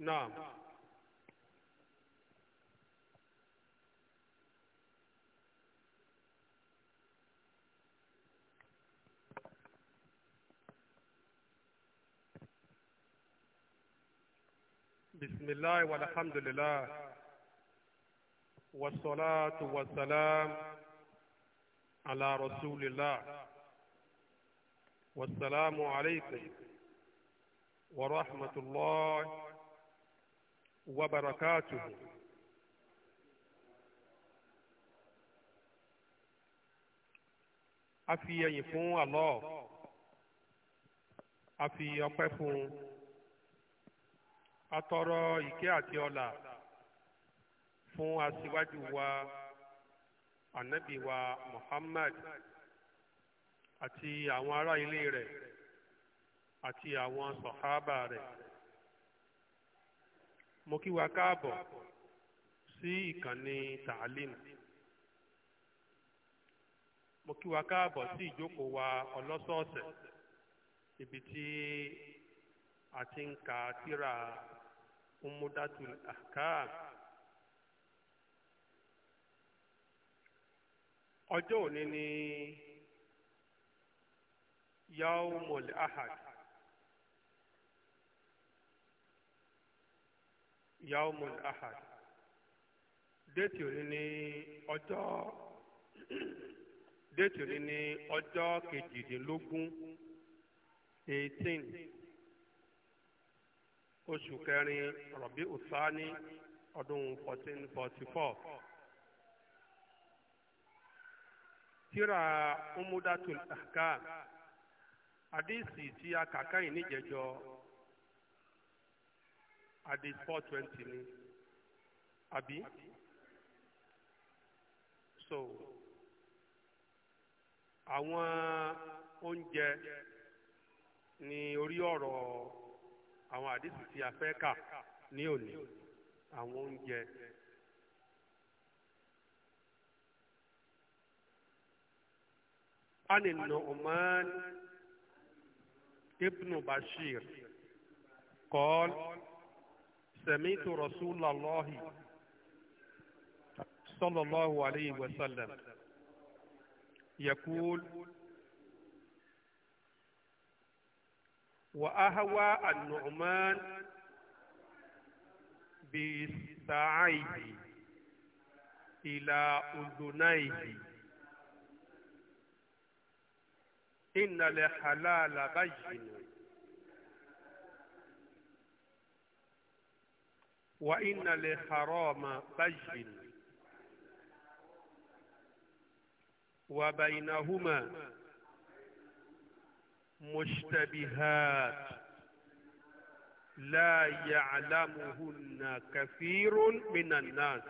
نعم بسم الله والحمد لله والصلاة والسلام على رسول الله والسلام عليكم ورحمة الله وبركاته أفي fi الله؟ أفي Allah a fi ọpẹ́ fún un a tọrọ ìkẹ́ àti ọlà fún aṣíwájú wa ànábì wa Muhammad àti àwọn ará ilé rẹ̀ àti àwọn sọhábà rẹ̀ mo kí wa káàbọ̀ sí ìkànnì tààlìm mo kí wa káàbọ̀ sí ìjókòó wa ọlọ́sọ̀ọ̀sẹ̀ ibi tí a ti ń ka tírà umudatul ahkam ọjọ́ òní ni yawmul ahad. yaumul ahad déètì òní ní ọjọ́ déètì òní ní ọjọ́ kejìdínlógún eighteen oṣù kẹrin rọ̀bí ọ̀sánì ọdún fourteen forty four tíra a ahkam tí a kà kẹ́yìn àdé four twenty ni àbí so àwọn oúnjẹ ní orí ọ̀rọ̀ àwọn àdìsí tí a fẹ́ kà ní òní àwọn oúnjẹ. عن النعمان ابن بشير قال سمعت رسول الله صلى الله عليه وسلم يقول وأهوى النعمان بساعيه إلى أذنيه إن لحلال بجنه وإن لحرام فجر وبينهما مشتبهات لا يعلمهن كثير من الناس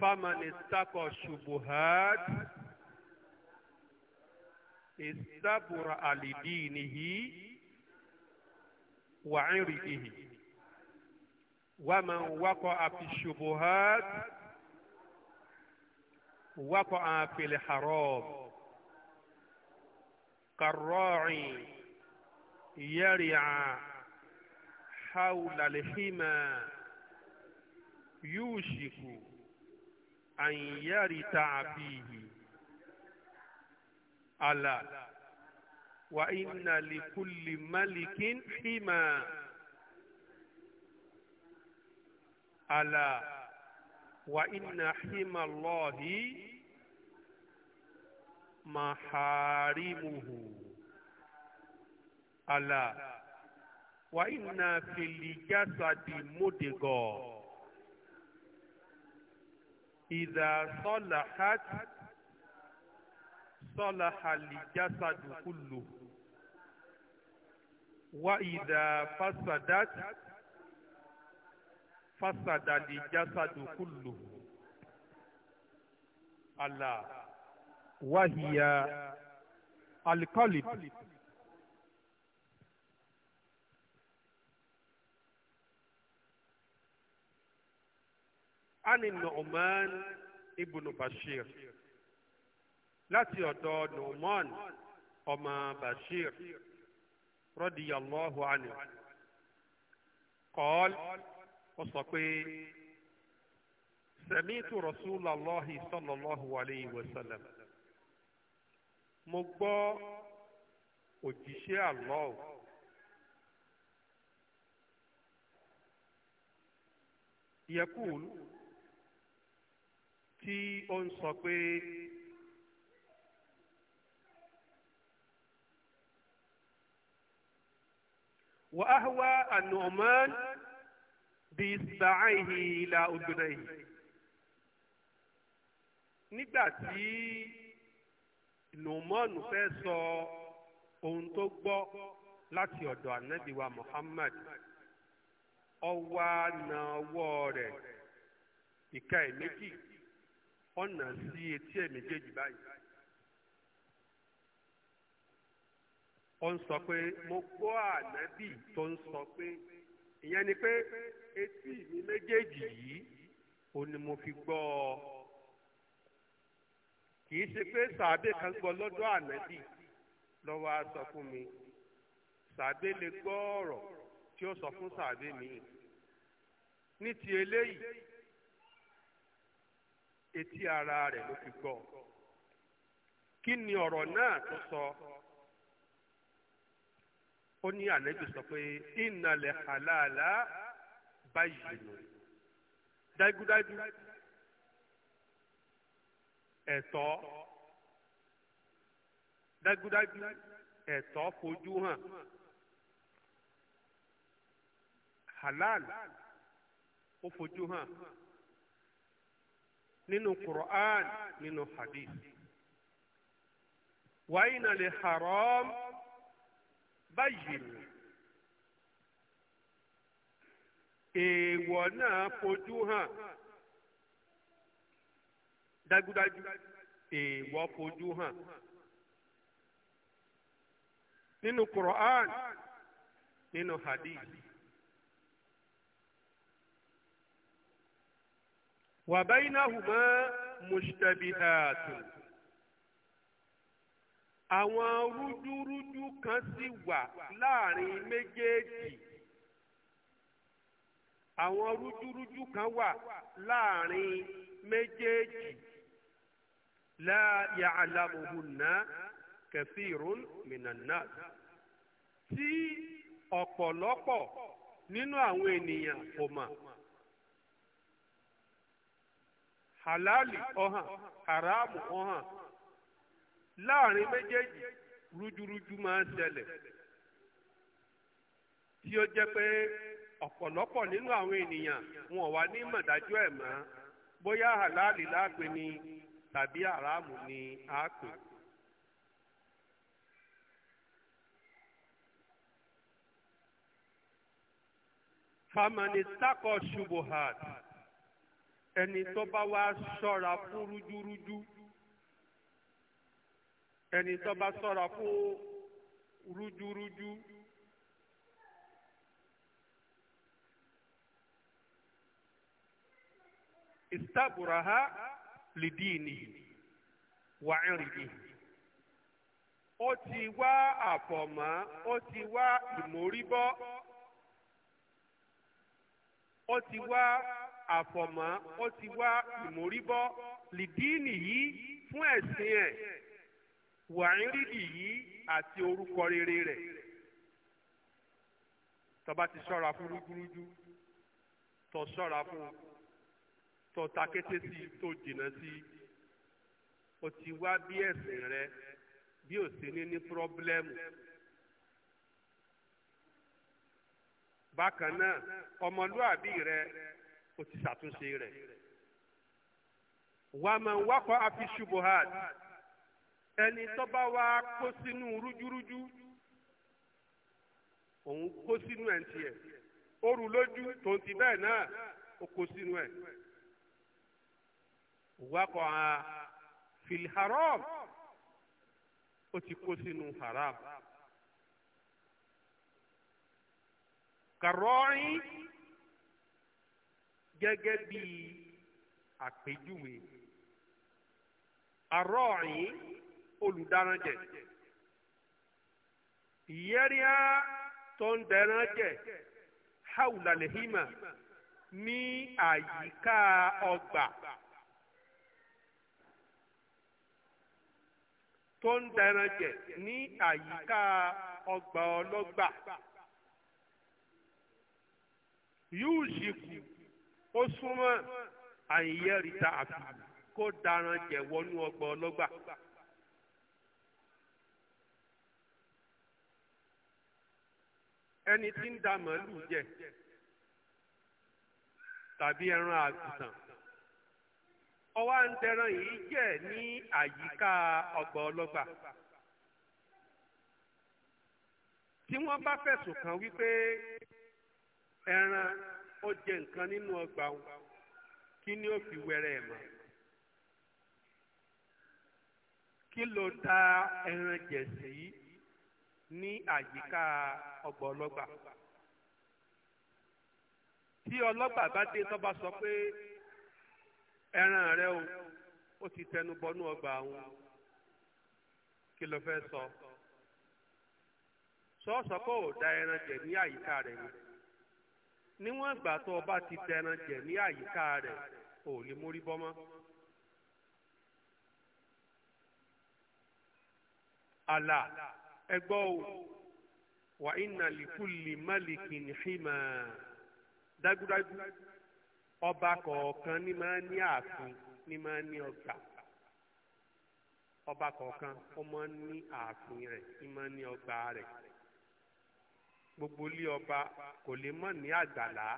فمن اتقى الشبهات استبرأ لدينه به، ومن وقع في الشبهات وقع في الحرام كالراعي يرعى حول الحمى يوشك أن يرتع فيه ألا wa inna li kulli malikin hima ala wa inna hima Allahi maharimuhu ala wa inna fil jasadi mudghah إذا صلحت صلح الجسد wa ìdá fasadat fasadali jasadu kullu ala wahiya alikọlib. عن النعمان ابن بشير láti ọ̀dọ̀ نعمان ọmọ بشير رضي الله عنه قال وصقي سمعت رسول الله صلى الله عليه وسلم مقبا وجشي الله يقول تي أنصقي وأهوى النعمان بإصبعيه إلى أذنيه nígbà tí nùmọ́ọ̀nù fẹ́ sọ ohun tó gbọ́ láti ọ̀dọ̀ ànábì Muhammad ọwọ́ na ọwọ́ rẹ̀ ìka ẹ̀ méjì ọ̀nà sí etí ẹ̀ méjèèjì báyìí ó ń sọ pé mo gbọ́ ànábì tó ń sọ pé ìyẹn ni pé etí mi méjèèjì yìí ó ní mo fi gbọ́ ọ kì í ṣe pé sàbẹ kan gbọ́ lọ́dọ̀ ànábì lọ́wọ́ á sọ fún mi sàbẹ lè gbọ́ ọ̀rọ̀ tí ó sọ fún sàbẹ mi ní ti eléyìí etí ara rẹ̀ ló fi gbọ́ kí ni ọ̀rọ̀ náà tó sọ. So, ó ní ànábì sọ pé ìnàlẹ̀ àlàálá báyìí nù dájúdájú ẹ̀tọ́ dájúdájú ẹ̀tọ́ fojú hàn halal ó fojú hàn nínú Qur'an nínú hadith wàyí haram báyìí èèwọ̀ náà fojú hàn dájúdájú èèwọ̀ fojú hàn nínú Quran nínú hadith wàbáyé náà hùmá àwọn rúdúrúdú kan sì wà láàrin méjèèjì àwọn rúdúrúdú kan wà láàrin méjèèjì la ya'lamuhunna kathirun minan nas tí ọ̀pọ̀lọpọ̀ nínú àwọn ènìyàn kò mọ̀ halali ọ̀hàn haramu ọ̀hàn. láàrin méjèèjì rújúrújú máa ń ṣẹlẹ̀ tí ó jẹ́ pé ọ̀pọ̀lọpọ̀ nínú àwọn ènìyàn wọn ò wá ní mọ̀dájú ẹ̀ mọ́ bóyá àláàlì láàpẹ ni tàbí àràmù ni àápè. famanistakọ ṣubuhat ẹni tó bá wá ṣọ́ra fún rújúrújú. Rújú. ẹni tó bá ṣọ́ra fún rújúrújú istaburaha lidini wa iridi ó ti wá àfọ̀mọ́ ó ti wá ìmóríbọ́ ó ti wá àfọ̀mọ́ ó ti wá ìmóríbọ́ lidini yìí fún ẹ̀sìn ẹ̀ wàhíńrìdì yìí àti orúkọ rere rẹ̀ tó bá ti ṣọ́ra fún rújúrújú tó ṣọ́ra fún tó ta kété sí tó jìnnà sí o ti wá bí ẹ̀sìn rẹ bí o sì ní ní pírọ́blẹ́mù. bákan náà ọmọlúàbí rẹ o ti ṣàtúnṣe rẹ. wàá wákọ̀ àfi ṣubu hard. ẹni tó bá wá kó sínú rújúrújú òun kó sínú ẹ̀ ń tiẹ̀ ó rú lójú tòun ti bẹ́ẹ̀ náà ó kó sínú ẹ̀ wakọ ha fil haram ó ti kó sínú haram karọọrin gẹ́gẹ́ bí àpèjúwe arọọrin olùdáranjẹ ìyẹ́ríà tó ń haulalehima ní àyíká ọgbà tó ń dẹranjẹ ní àyíká ọgbà ọlọ́gbà yóò ṣìkù ó súnmọ́ àyẹ̀rìta àfi kó daranjẹ wọnú ọgbà ọlọ́gbà. ẹni tí ń da màálù jẹ tàbí ẹran àgùntàn ọwọ́ à ń tẹran yìí jẹ ní àyíká ọgbà ọlọ́gbà tí wọ́n bá fẹ̀sùn kan wípé ẹran ó jẹ nǹkan nínú ọgbà wọn kí ni ó fi wẹrẹ ẹ̀ mọ́ kí ló da ẹran jẹ̀ yìí. ní àyíká ọgbà ọlọ́gbà tí ọlọ́gbà bá dé tó bá sọ pé ẹran rẹ o ó ti tẹnu bọnú ọgbà àwọn kí ló fẹ́ sọ sọ́ọ̀sọ́ kò da ẹran jẹ ní àyíká rẹ ni níwọ̀n ìgbà tó o bá ti tẹran jẹ ní àyíká rẹ ò lè mórí bọ́ mọ́. àlà ẹgbọ́ o wà inna likulli malikin hima dájúdájú ọba kọ̀ọ̀kan ní máa ní ààfin ní máa ní ọgbà ọba kọ̀ọ̀kan ó máa ń ní ààfin rẹ̀ ní máa ní ọgbà rẹ̀ gbogbo ilé ọba kò lè mọ̀ ní àgbàlá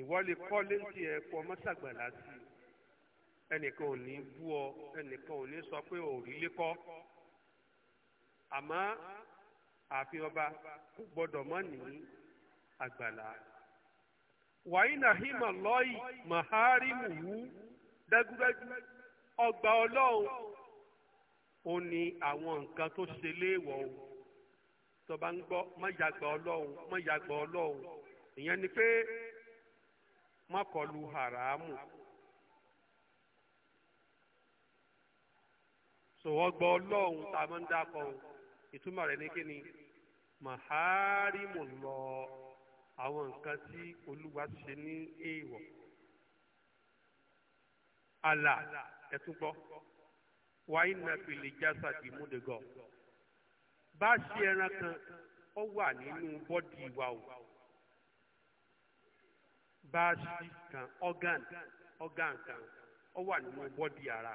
ìwọ lè kọ́ léńtì ẹ̀ kó ọmọ ṣàgbàlá sí ẹnìkan ò ní bú ọ ẹnìkan ò ní sọ pé òrí kọ́. àmọ́ àfi ọba kò gbọ́dọ̀ mọ́ ní àgbàlá. wàyí nàhímà lọ́ọ̀yì màhárìmù wú dájúdájú ọgbà ọlọ́run ó ní àwọn nǹkan tó ṣe léèwọ̀ o tọba ń gbọ́ má ọlọ́run má ọlọ́run ìyẹn ni pé haramu. sọ̀wọ́ gbọ́ a ìtumọ̀ rẹ̀ ní kí ni maharimullah àwọn nǹkan tí olúwa ṣe ní èèwọ̀ àlà ẹ̀tún gbọ́ wáyé náà fi lè jásà kì í bá ṣe ẹran kan ó wà nínú bọ́dì wa o bá ṣe kan organ organ kan ó wà nínú bọ́dì ara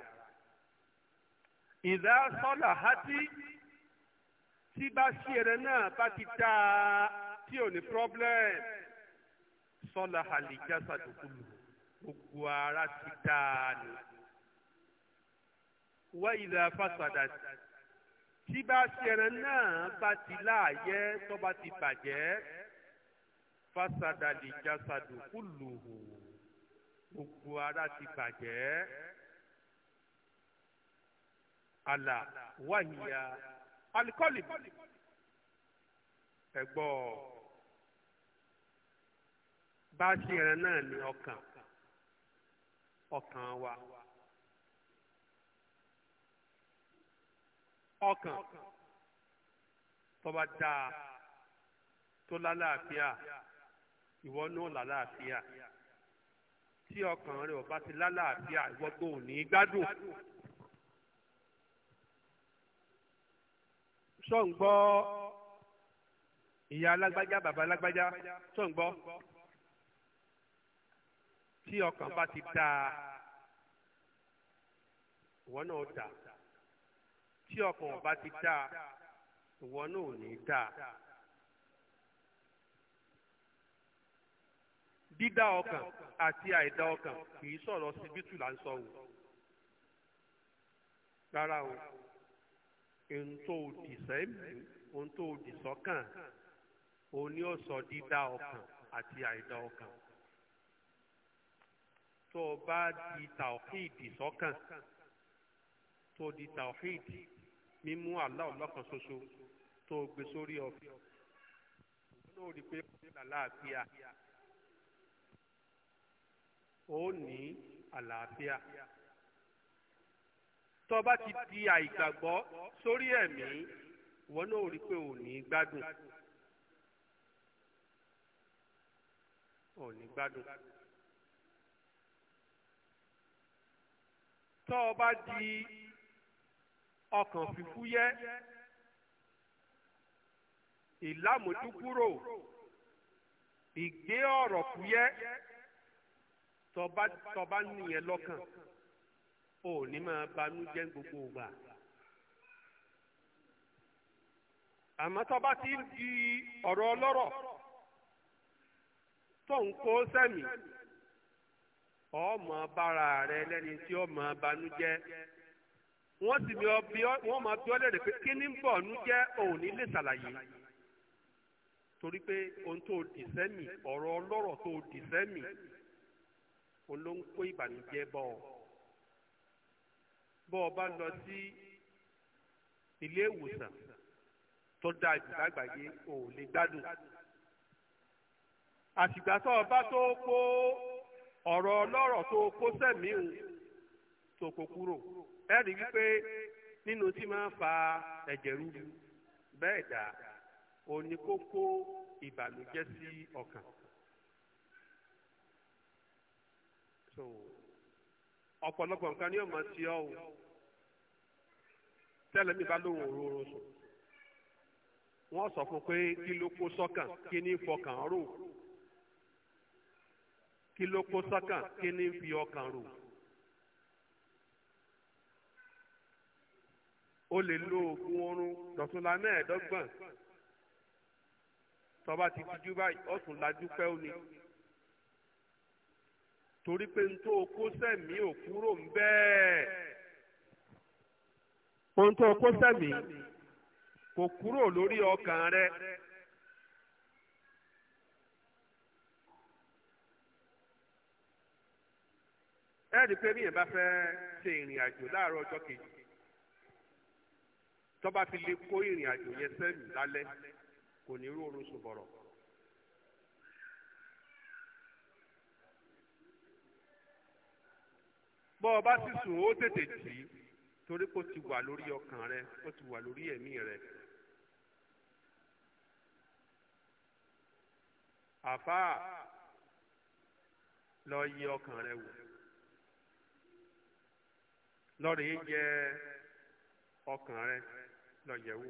ìdá sọ́là hátí tí bá sí ẹran náà bá ti dá a tí ò ní problem sọlá àlìjáṣà tó kúlù gbogbo ara ti dá a nù. wá ìlà fásádà tí bá sí ẹran náà bá ti láàyè tó bá ti bàjẹ́ fásádà àlìjáṣà tó gbogbo ara ti bàjẹ́. àlà wáyà alikọ́lì ẹ̀gbọ́ bá a ṣe ẹran náà ní ọkàn ọkàn wa ọkàn tó bá dáa tó lálàáfíà ìwọ náà lálàáfíà tí ọkàn rẹ ò bá ti lálàáfíà ìwọ tó ní gbádùn. ṣó ń gbọ́ ìyá alágbájá bàbá alágbájá ṣó ń gbọ́ tí ọkàn bá ti dáa ìwọ náà dà tí ọkàn bá ti dáa ìwọ náà ò ní dáa. dídá ọkàn àti àìdá ọkàn kì í sọ̀rọ̀ síbítù là ń sọ wò rárá o ohun tó dì sẹ́mi ohun tó dì sọ́kàn òun ni ó sọ dídá ọkàn àti àìdá ọkàn tó o bá di tàwíìdì sọ́kàn tó o di tàwíìdì mímú Allah lọ́kàn ṣoṣo tó o gbé sórí ọ̀fẹ́ òun náà rí i pé ó ní àlàáfíà ó ní àlàáfíà tó bá ti di àìgbàgbọ́ sórí ẹ̀mí ìwọ náà rí pé ò ní gbádùn ò ní gbádùn tó bá di ọkàn fífúyẹ́ ìlàmójúkúrò ìgbé ọ̀rọ̀ fúyẹ́ tó bá bá nìyẹn lọ́kàn ò ní máa banú jẹ́ gbogbo ìgbà. àmọ́ tó bá ti ń di ọ̀rọ̀ ọlọ́rọ̀ tó ń kó sẹ́mi ọmọ bára rẹ lẹ́ni tí ó máa banú jẹ́ wọ́n sì ní ọbí wọ́n máa bí ọ lẹ́rìí pé kí ní bọ̀ ọ̀nú jẹ́ òun ní ṣàlàyé torí pé ohun tó dì sẹ́mì ọ̀rọ̀ ọlọ́rọ̀ tó dì sẹ́mì òun ìbànújẹ́ bọ̀ ọ́. bọ́ ọba lọ sí ilé ìwòsàn tó dáa jù ò lè gbádùn àsìgbà tó o tó kó ọ̀rọ̀ ọlọ́rọ̀ tó kó sẹ́mìí tó kó kúrò ẹ fa ẹ̀jẹ̀ rúru bẹ́ẹ̀ dà òní kó kó ìbànújẹ́ sí ọ̀pọ̀lọpọ̀ nǹkan ni yóò mọ̀ sí ọ o tẹ́lẹ̀ mi bá lóun òru oorun sùn wọ́n sọ fún pé kí ló kó sọ́kàn kí ní fọkàn rò kí ló kó sọ́kàn kí ní fi ọkàn rò. o lè lo oògùn oorun dọ̀túnla mẹ́ẹ̀ẹ́dọ́gbọ̀n tọ́ba ti tijú báyìí ọ̀tún lajú pẹ́ òní torí pé ntó kó sẹ́mi ò kúrò ń bẹ́ẹ̀ ohun tó kó sẹ́mi kò kúrò lórí ọkàn rẹ. ẹ̀rí pé bí yẹn bá fẹ́ ṣe ìrìn àjò láàárọ̀ ọjọ́ kejì tó bá lè kó ìrìn àjò yẹn sẹ́yìn lálẹ́ kò ní rú oorun sùn bọ̀rọ̀. bọ́ ọ bá sì sùn ó tètè jí torí kó ti wà lórí ọkàn rẹ ó ti wà lórí ẹ̀mí rẹ. àfáà lọ yẹ ọkàn rẹ wò lọ́rọ̀ yìí jẹ ọkàn rẹ lọ yẹ wò.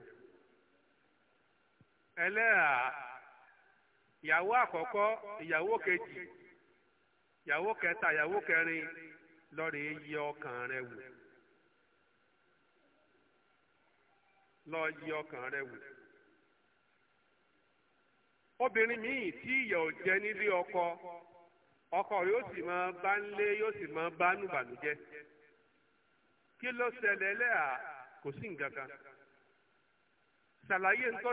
ẹlẹ́à ìyàwó àkọ́kọ́ ìyàwó kejì ìyàwó kẹta ìyàwó kẹrin. lọ́ọ̀rẹ́ yẹ ọkàn rẹ wò lọ́ọ̀ yẹ ọkàn rẹ wò obìnrin míì tí ìyà ò jẹ nílé ọkọ ọkọ yóò sì máa bá ń lé yóò sì máa bá nù kí ló ṣẹlẹ̀ kò sí nǹkan kan ṣàlàyé kò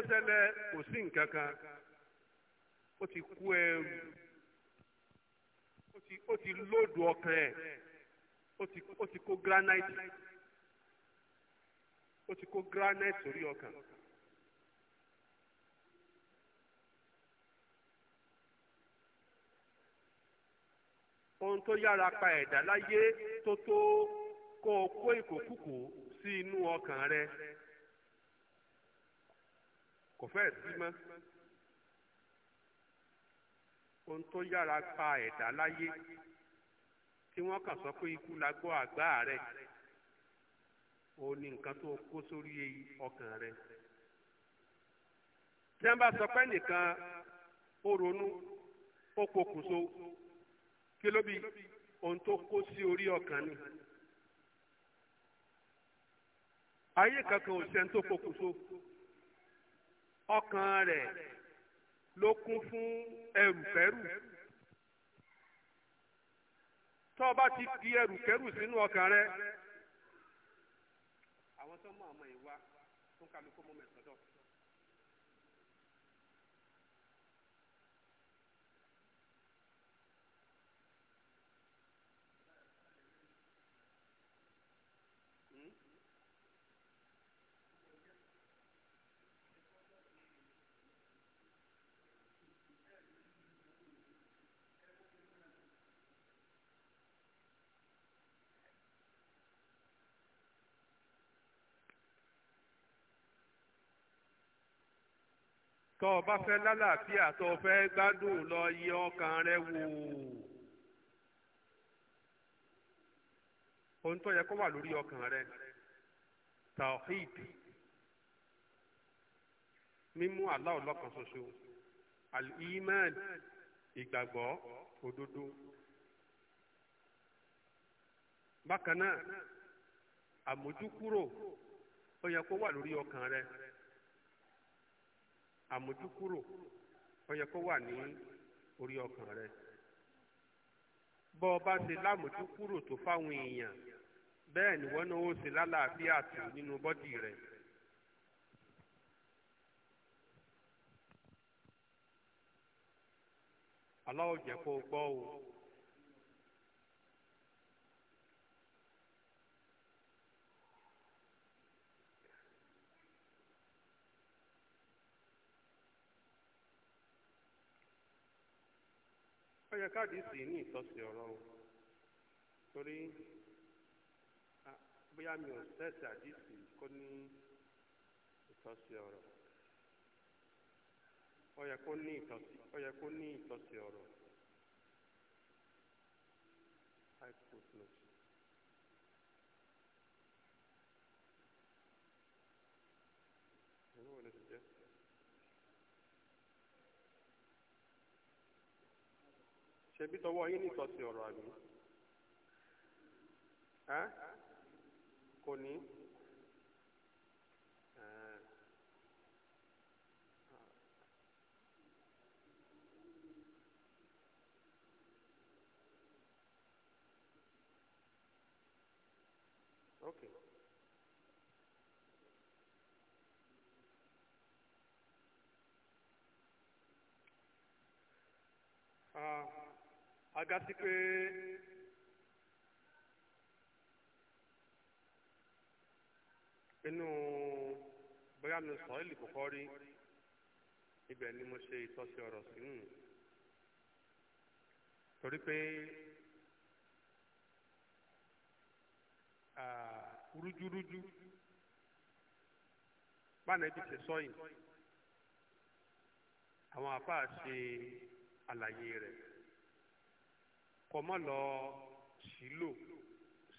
sí nǹkan kan ó ti kú ẹrù ó ti lóòdù ọkàn ó ti kó granite ó ti kó granite sórí ọkàn. ohun tó yára pa ẹ̀dá láyé tó tó kó o kó ìkòkùkò sí inú ọkàn rẹ kò fẹ́ sí mọ́ ohun tó yára pa ẹ̀dá láyé tí wọ́n kàn sọ pé ikú la gbọ́ àgbá rẹ̀ ó ní nǹkan tó kó sórí ọkàn rẹ̀ tí wọ́n bá sọ pé nìkan ó ronú ó pokùnso kí ló bí ohun tó kó sí orí ọkàn ni ayé kankan ò sẹ́ni tó pokùnso ọkàn rẹ̀ ló kún fún ẹrùkẹ́rù. Ẹrù tó o bá ti di ẹrùkẹ́rù sínú ọkàn rẹ àwọn tó mọ ọmọ ìwà fún kálukú mọ́mẹ́tò. tọ́ ọ bá fẹ́ lálàáfíà tọ́ ọ fẹ́ gbádùn lọ yẹ ọkàn rẹ wò ohun tó yẹ kó wà lórí ọkàn rẹ tawhid mímú Allah lọ́kan ṣoṣo al-iman ìgbàgbọ́ òdodo bákan náà àmójúkúrò ó yẹ kó wà lórí ọkàn rẹ. àmójúkúrò ó kó wà ní orí ọkàn rẹ bọ ọ bá ṣe lámójúkúrò tó fáwọn èèyàn bẹ́ẹ̀ ni wọ́n náà ó ṣe lálàáfíà tó nínú bọ́dì rẹ̀. Allah jẹ́ kó gbọ́ o. ó yẹ káàdì sì ní ìtọ́sí ọ̀rọ̀ o torí bóyá mi ò sẹ́ẹ̀sì àdìsí kó ní ìtọ́sí ọ̀rọ̀ ó yẹ kó ní ìtọ́sí ọ̀rọ̀ high court note. ṣebí tọwọ́ yín ní ìtọ́sí ọ̀rọ̀ àbí kò ní. agasi pé inú bóyá mi sọ ìlú kọ́kọ́ rí ibẹ̀ ni mo ṣe ìtọ́sí ọ̀rọ̀ sínú torí pé rújúrújú báńdà ibi ṣe sọ yìí àwọn àfáà ṣe àlàyé rẹ̀ kó má lọ sílò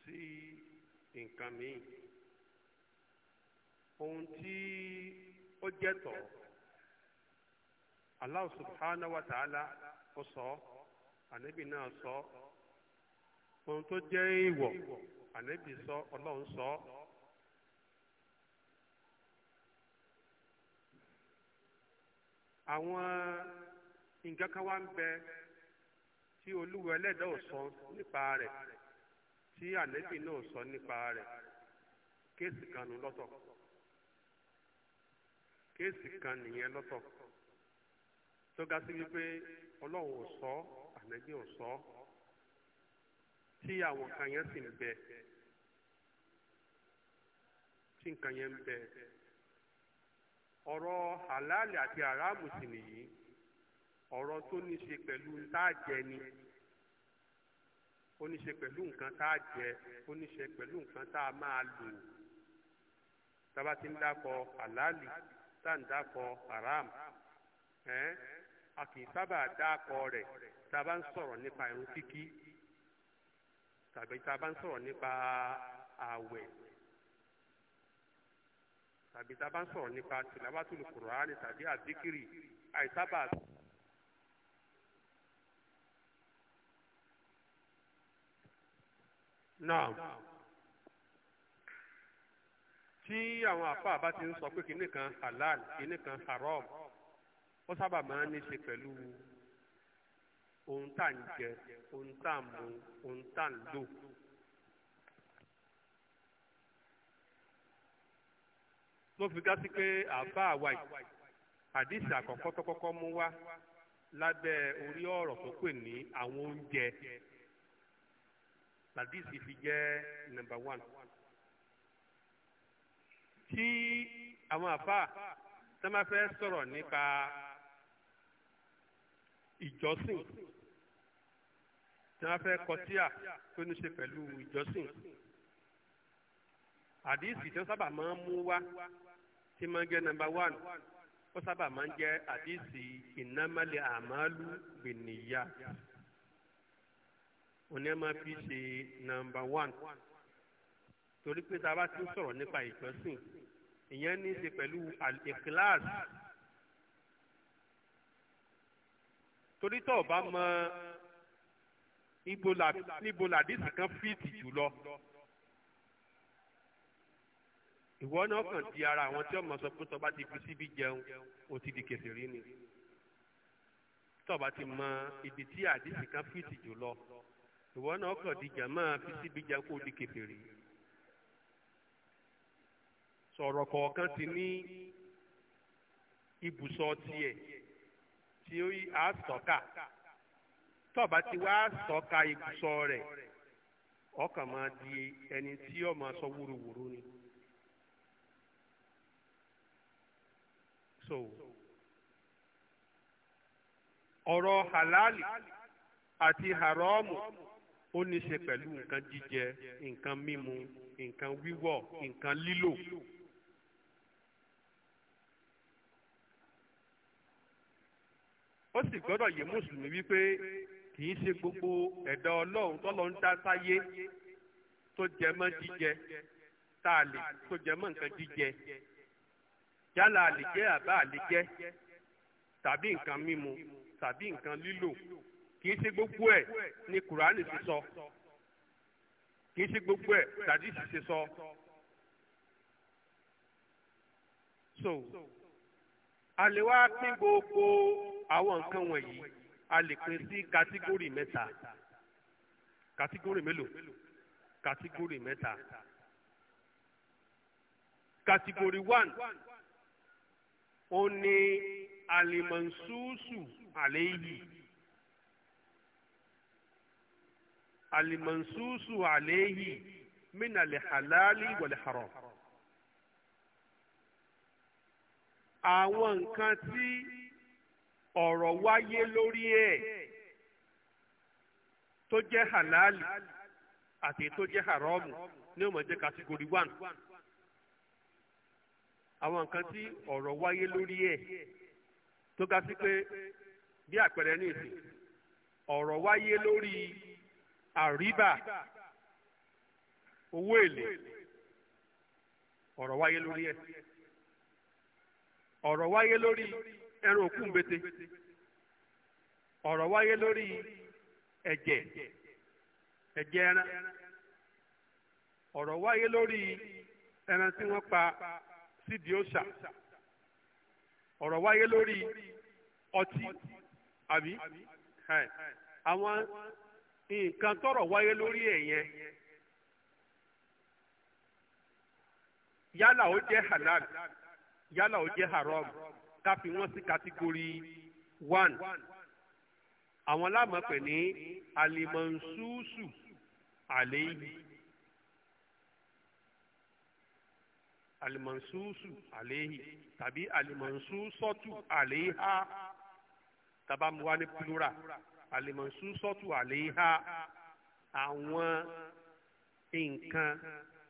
sí nǹkan míì ohun tí ó jẹ́ tọ̀ Allah subhanahu wa ta'ala ó sọ ànábì náà sọ ohun tó jẹ́ ìwọ̀ ànábì sọ ọlọ́run sọ àwọn nǹkan kan wá ń bẹ. tí olúwa ẹlẹ́dàá ò sọ nípa rẹ̀ tí ànẹ́bì náà sọ nípa rẹ̀ kéèsì kan nù lọ́tọ̀ kéèsì kan nìyẹn lọ́tọ̀ tó ga sí wípé ọlọ́run ò sọ ànẹ́bì ò sọ tí àwọn kan yẹn sì ń bẹ tí nǹkan yẹn ń bẹ ọ̀rọ̀ tó ní ṣe pẹ̀lú ntáàjẹ ni ó ní ṣe pẹ̀lú nǹkan tá a jẹ ó ní ṣe pẹ̀lú nǹkan tá a máa lò tába ti ń dákọ àlálì tá à ń dákọ haram ẹ́n a kì í sábà dákọ rẹ̀ tá a bá ń sọ̀rọ̀ nípa irun kíkí tàbí tá ń sọ̀rọ̀ nípa ààwẹ̀ tàbí tá ń sọ̀rọ̀ nípa tìlàwátìlù kùránì tàbí àdìkìrì àìsábà. náà tí àwọn àfáà bá ti ń sọ pé kinní kan halal kinní kan haram ó sábà máa ń ní ṣe pẹ̀lú ohun tá à ń jẹ ohun tá à ń mu ohun tá à ń lò. ló fi gásí pé àáfàá wa yìí àdìsí àkọ́kọ́ tó kọ́kọ́ mú wá lábẹ́ orí ọ̀rọ̀ tó pè ní àwọn oúnjẹ làdíìsì fi jẹ́ nọ́mbà one tí àwọn àfa tá máa fẹ́ sọ̀rọ̀ nípa ìjọsìn tí wọ́n fẹ́ kọtíà tó ní ṣe pẹ̀lú ìjọsìn àdíìsì tí wọ́n sábà máa ń mú wá tí máa ń jẹ́ nọ́mbà ó sábà máa ń jẹ́ àdíìsì ìnámálẹ̀ àmàlù òní ẹ máa fi ṣe nàmbà wán torí pé tá a bá ti ń sọ̀rọ̀ nípa ìjọsìn ìyẹn ní í ṣe pẹ̀lú àlèkíláàsì torí tó o bá mọ níbo làdísì kan fíìtì jùlọ ìwọ náà kàn di ara àwọn tí ọmọ sọ pé tọba ti fi síbi jẹun o ti di kèfèrí ni tọba ti mọ ibi tí àdísì kan fíìtì jùlọ. ìwọ náà kàn di jàmá fi síbi jà kó di kèfèrí sọ̀rọ̀ kọ̀ọ̀kan ti ní ibùsọ̀ tiẹ̀ tí ó á sọ̀ka tọ́ọ̀bá ti wá sọ̀ka ibùsọ̀ rẹ̀ ọkàn máa di ẹni tí ó máa sọ wúruwúru ni. so ọ̀rọ̀ halali àti haramu ó ní í ṣe pẹ̀lú nǹkan jíjẹ nǹkan mímu nǹkan wíwọ̀ nǹkan lílò. ó sì gbọ́dọ̀ yé mùsùlùmí wípé kì í ṣe gbogbo ẹ̀dá ọlọ́run tọ́lọ́ ń dá sáyé tó jẹ mọ́ jíjẹ tá a lè tó jẹ mọ́ nǹkan jíjẹ yálà a lè jẹ àbá a lè jẹ tàbí nǹkan mímu tàbí nǹkan lílò kì í ṣe gbogbo ẹ̀ ni kùránì ti sọ kì í ṣe gbogbo ẹ̀ tàdísì ti sọ. so a lè wá pín gbogbo àwọn nǹkan wọ̀nyí a lè pín sí kátígórì mẹ́ta kátígórì mélòó kátígórì mẹ́ta kátígórì one ó ní alimansuusu àléyìí. alimansusu alehi min alihalali waliharam. àwọn nǹkan tí ọ̀rọ̀ wáyé lórí ẹ̀ tó jẹ́ halali àti tó jẹ́ haramu ní ó máa jẹ́ category one. àwọn nǹkan tí ọ̀rọ̀ wáyé lórí ẹ̀ tó ga sí pé bí àpẹẹrẹ ní ìsìn ọ̀rọ̀ wáyé lórí àríbà owó èlé ọ̀rọ̀ wáyé lórí ẹ̀ ọ̀rọ̀ wáyé lórí ẹran òkú gbèsè ọ̀rọ̀ wáyé lórí ẹ̀jẹ̀ ẹ̀jẹ̀ ẹran ọ̀rọ̀ wáyé lórí ẹran tí wọ́n pa sídìí òòṣà ọ̀rọ̀ wáyé lórí ọtí àbí àwọn nǹkan tọrọ wáyé lórí ẹ̀ yẹn yálà ó jẹ́ halal yálà ó jẹ́ haram ká fi wọ́n sí kátígórì one àwọn láàmú pè ní alimọ̀nsúsù àléyìí alimọ̀nsúsù àléyìí tàbí alimọ̀nsúsọ́tù àléyìí ha tàbá mu wá ní plural. àlèmọ̀sú sọ́tù àléhà àwọn nǹkan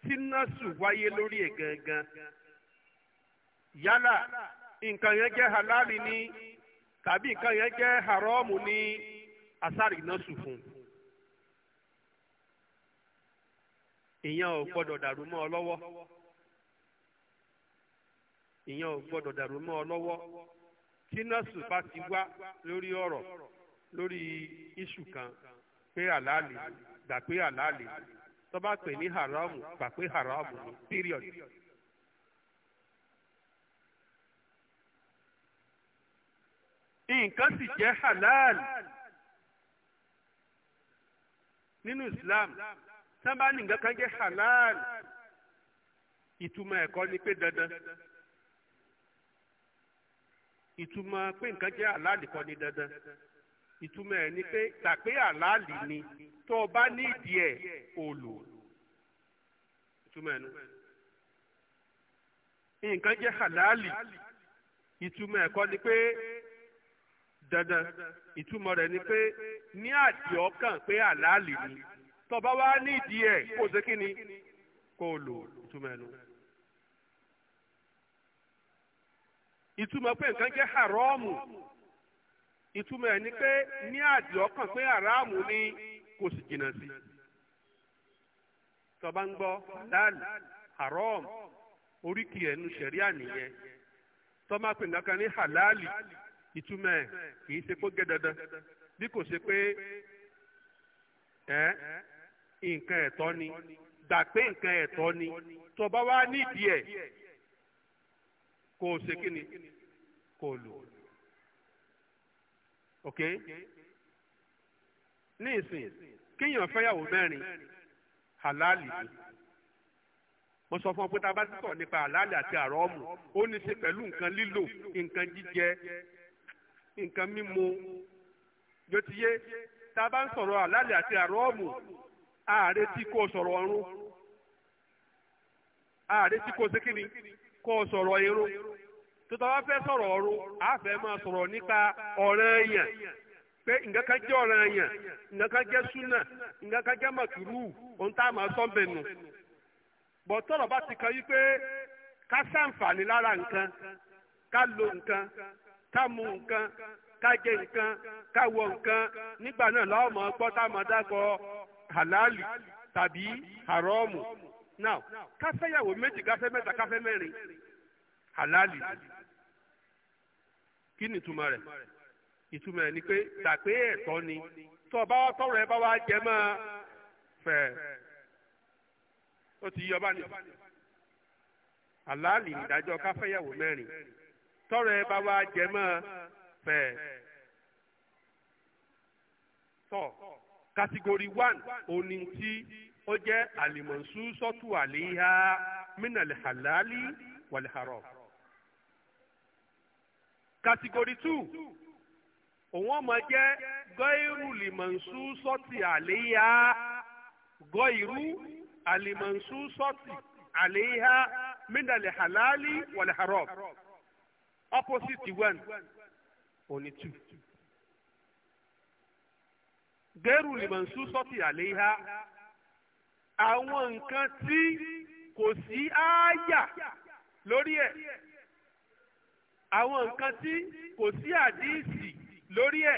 tí nọ́ọ̀sù wáyé lórí ẹ̀ gangan yálà nǹkan yẹn jẹ́ halali ni tàbí nkan yẹn jẹ́ haramu ni asari nọ́ọ̀sù fún un. ìyẹn ò gbọ́dọ̀ dàrú mọ́ ọ lọ́wọ́ ìyẹn ò gbọ́dọ̀ dàrú mọ́ ọ lọwọ tí nọ́ọ̀sù bá ti wá lórí ọ̀rọ̀ lórí iṣu kan pé àlàálì gbà pé àlàálì tó bá pè ní haramu gbà pé haramu ni period. nǹkan sì jẹ́ halal nínú Islam sábà ní nǹkan kan jẹ́ halal ìtumọ̀ ẹ̀kọ́ ni pé dandan ìtumọ̀ pé nǹkan jẹ́ halal kọ́ ni dandan ìtumọ̀ ẹ̀ ni pé gbàgbé àlàálì ni tó o bá ní ẹ̀ o lò ìtumọ̀ ẹ̀ nu. nǹkan jẹ́ àlàálì ìtumọ̀ ẹ̀kọ́ ni pé dandan ìtumọ̀ rẹ̀ ni pé ní àdì ọkàn pé àlàálì ni tó o bá wá ní ìdí ẹ̀ kó o ṣe kí ni kó o lò ìtumọ̀ ẹ̀ nu. ìtumọ̀ pé nǹkan jẹ́ haramu ìtumọ̀ ẹ̀ ni pé ní àdì ọkàn pé àràmù ni kò sì jìnnà sí tọba ń gbọ́ halal haram oríkì ẹnu sẹ̀ríà nìyẹn tọ́mà pè nǹkan ní halali ìtumọ̀ ẹ̀ kìí ṣe kó gẹ́ dandan bí kò ṣe pé ẹ́ nǹkan ẹ̀tọ́ ni gbà pé nǹkan ẹ̀tọ́ ni tọba wá nídìí ẹ̀ kò ṣe kí ni kò lò ó ok ní ìsìn kéèyàn fẹ́yàwó mẹ́rin halali ni mo sọ fún ọ pé tá a bá ti sọ nípa halali àti àrọ́ọ̀mù ó ní í ṣe pẹ̀lú nǹkan lílò nǹkan jíjẹ nǹkan mímu yóò ti yé tá a bá ń sọ̀rọ̀ halali àti àrọ́ọ̀mù ààrẹ tí kò sọ̀rọ̀ ọ̀run ààrẹ tí kò sékìní kò sọ̀rọ̀ irun. tó fẹ́ sọ̀rọ̀ ọ̀run á máa sọ̀rọ̀ nípa ọ̀ranyàn pé nǹkan kan jẹ́ ọ̀ranyàn nǹkan kan jẹ́ súnà nǹkan kan jẹ́ màkìrú ohun tá a máa sọ́ bẹ̀ nù. bọ̀ tọ́rọ̀ bá ti kan yí pé lo nǹkan ká mu nǹkan ká jẹ nǹkan ká wọ nǹkan nígbà náà láwọn máa gbọ́ tá a máa dákọ̀ halali tàbí haramu. now ká méjì ká fẹ́ halali kí ni ìtumọ̀ rẹ̀ ìtumọ̀ rẹ̀ ni pé gbàgbé ẹ̀tọ́ ni tó ọba tọrọ ẹ bá wá jẹ mọ́ fẹ̀ ó ti yọ bá ní àlàálì ìdájọ́ káfẹ́yàwó mẹ́rin tọrọ ẹ bá wá jẹ mọ́ fẹ̀ tọ kàtígórì one òní tí ó jẹ́ àlìmọ̀nsú sọ́tù àléhà mínàlì halali wàlìhàrọ̀ kàtìgòrì two òun ọmọ jẹ́ gọ́ìrù lìmọ̀nsú sọ́tì àléyà gọ́ìrù àlìmọ̀nsú sọ́tì àléyà mídàlẹ̀ halali wàlẹ̀ haram opposite one òní two. gẹ́rù lìmọ̀nsú sọ́tì àléyà àwọn nǹkan tí kò sí ááyà lórí ẹ̀ àwọn nǹkan tí kò sí àdíìsì lórí ẹ̀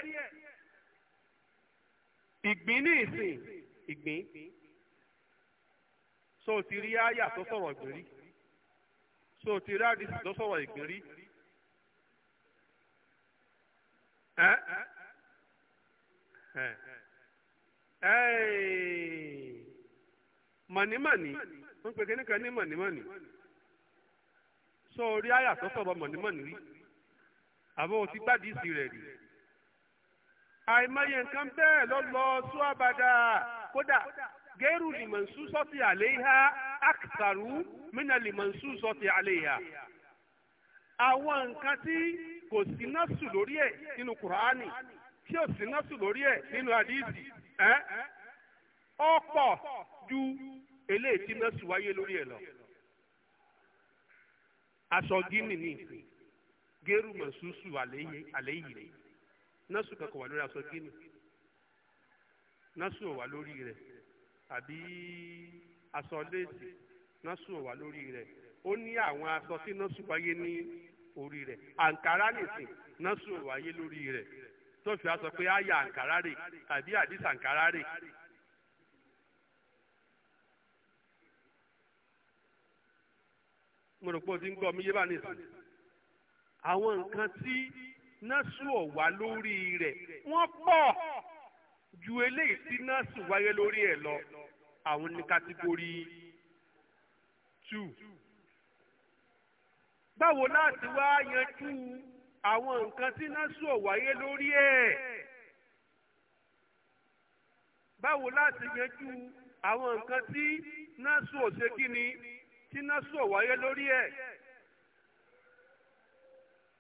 ìgbín ní ìsìn ìgbín so ti rí àyà tó sọ̀rọ̀ ìgbín rí so ti rí àdíìsì tó sọ̀rọ̀ ìgbín rí ẹ ẹ mọ̀nìmọ̀nì wọ́n pè kí ní mọ̀nìmọ̀nì sọ orí àyà tó sọ̀rọ̀ mọ̀nímọ̀ní rí àbọ̀ òtí gbàdísì rẹ̀ rí. àìmọye nǹkan bẹ́ẹ̀ ló lọ sún abada kódà gẹ́rù lìmọ̀nsú sọ́tì àléhà àkàrú mínà lìmọ̀nsú sọ́tì àléhà. àwọn nǹkan tí kò sí násù lórí ẹ̀ nínú kùránì tí ò sí násù lórí ẹ̀ nínú àdìsí ọ̀pọ̀ ju eléyìí tí násù wáyé lórí ẹ̀ lọ. asọ gị nị n'ife ga-eru ma su su ala ihire na su kaka walori asọ gị nị na su ụwa lori ire abi asọ lezi na su ụwa lori ire o ni awọn asọ si na su waye ni ori rẹ ankara nisi na su ụwa ye lori ire tọfi asọ pe aya ankara re abi adis ankara re mo rò pé o ti ń gbọ́ mi yé bá nìsín àwọn nǹkan tí násù ọ̀wá lórí rẹ̀ wọ́n pọ̀ ju eléyìí tí násù wáyé lórí ẹ̀ lọ àwọn ní kátígórì two báwo láti wá yanjú àwọn nǹkan tí násù ọ̀wáyé lórí ẹ̀ báwo láti yanjú àwọn nǹkan tí násù ọ̀ṣẹ́ kí ni tí násò wáyé lórí ẹ̀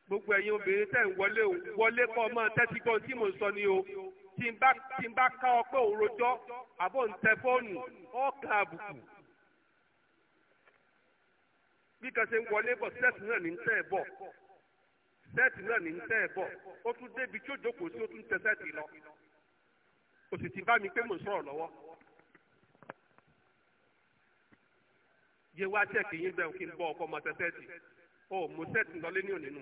gbogbo ẹ̀yin obìnrin tẹ̀ ń wọlé o wọlé kọ́ ọmọ tẹ́tí gbọ́n tí mò ń sọ ni o tí n bá tí n bá ká ọ pé òun rojọ́ àbò ń tẹ fóònù ọ̀ọ́kà àbùkù bí kan ṣe ń wọlé bọ̀ sẹ́ẹ̀tì náà ní ń tẹ̀ bọ̀ sẹ́ẹ̀tì náà ní ń tẹ̀ bọ̀ ó tún débi tí ó jókòó sí ó tún tẹ sẹ́ẹ̀tì lọ ó ti bá mi pé mò ń sọ̀rọ̀ lọ́wọ́. yé wá ṣẹ́ẹ̀kì yín bẹ́ẹ̀ kí n ọkọ ọmọ sẹ́sẹ́ẹ̀tì ó mú sẹ́ẹ̀tì o ní òní nù.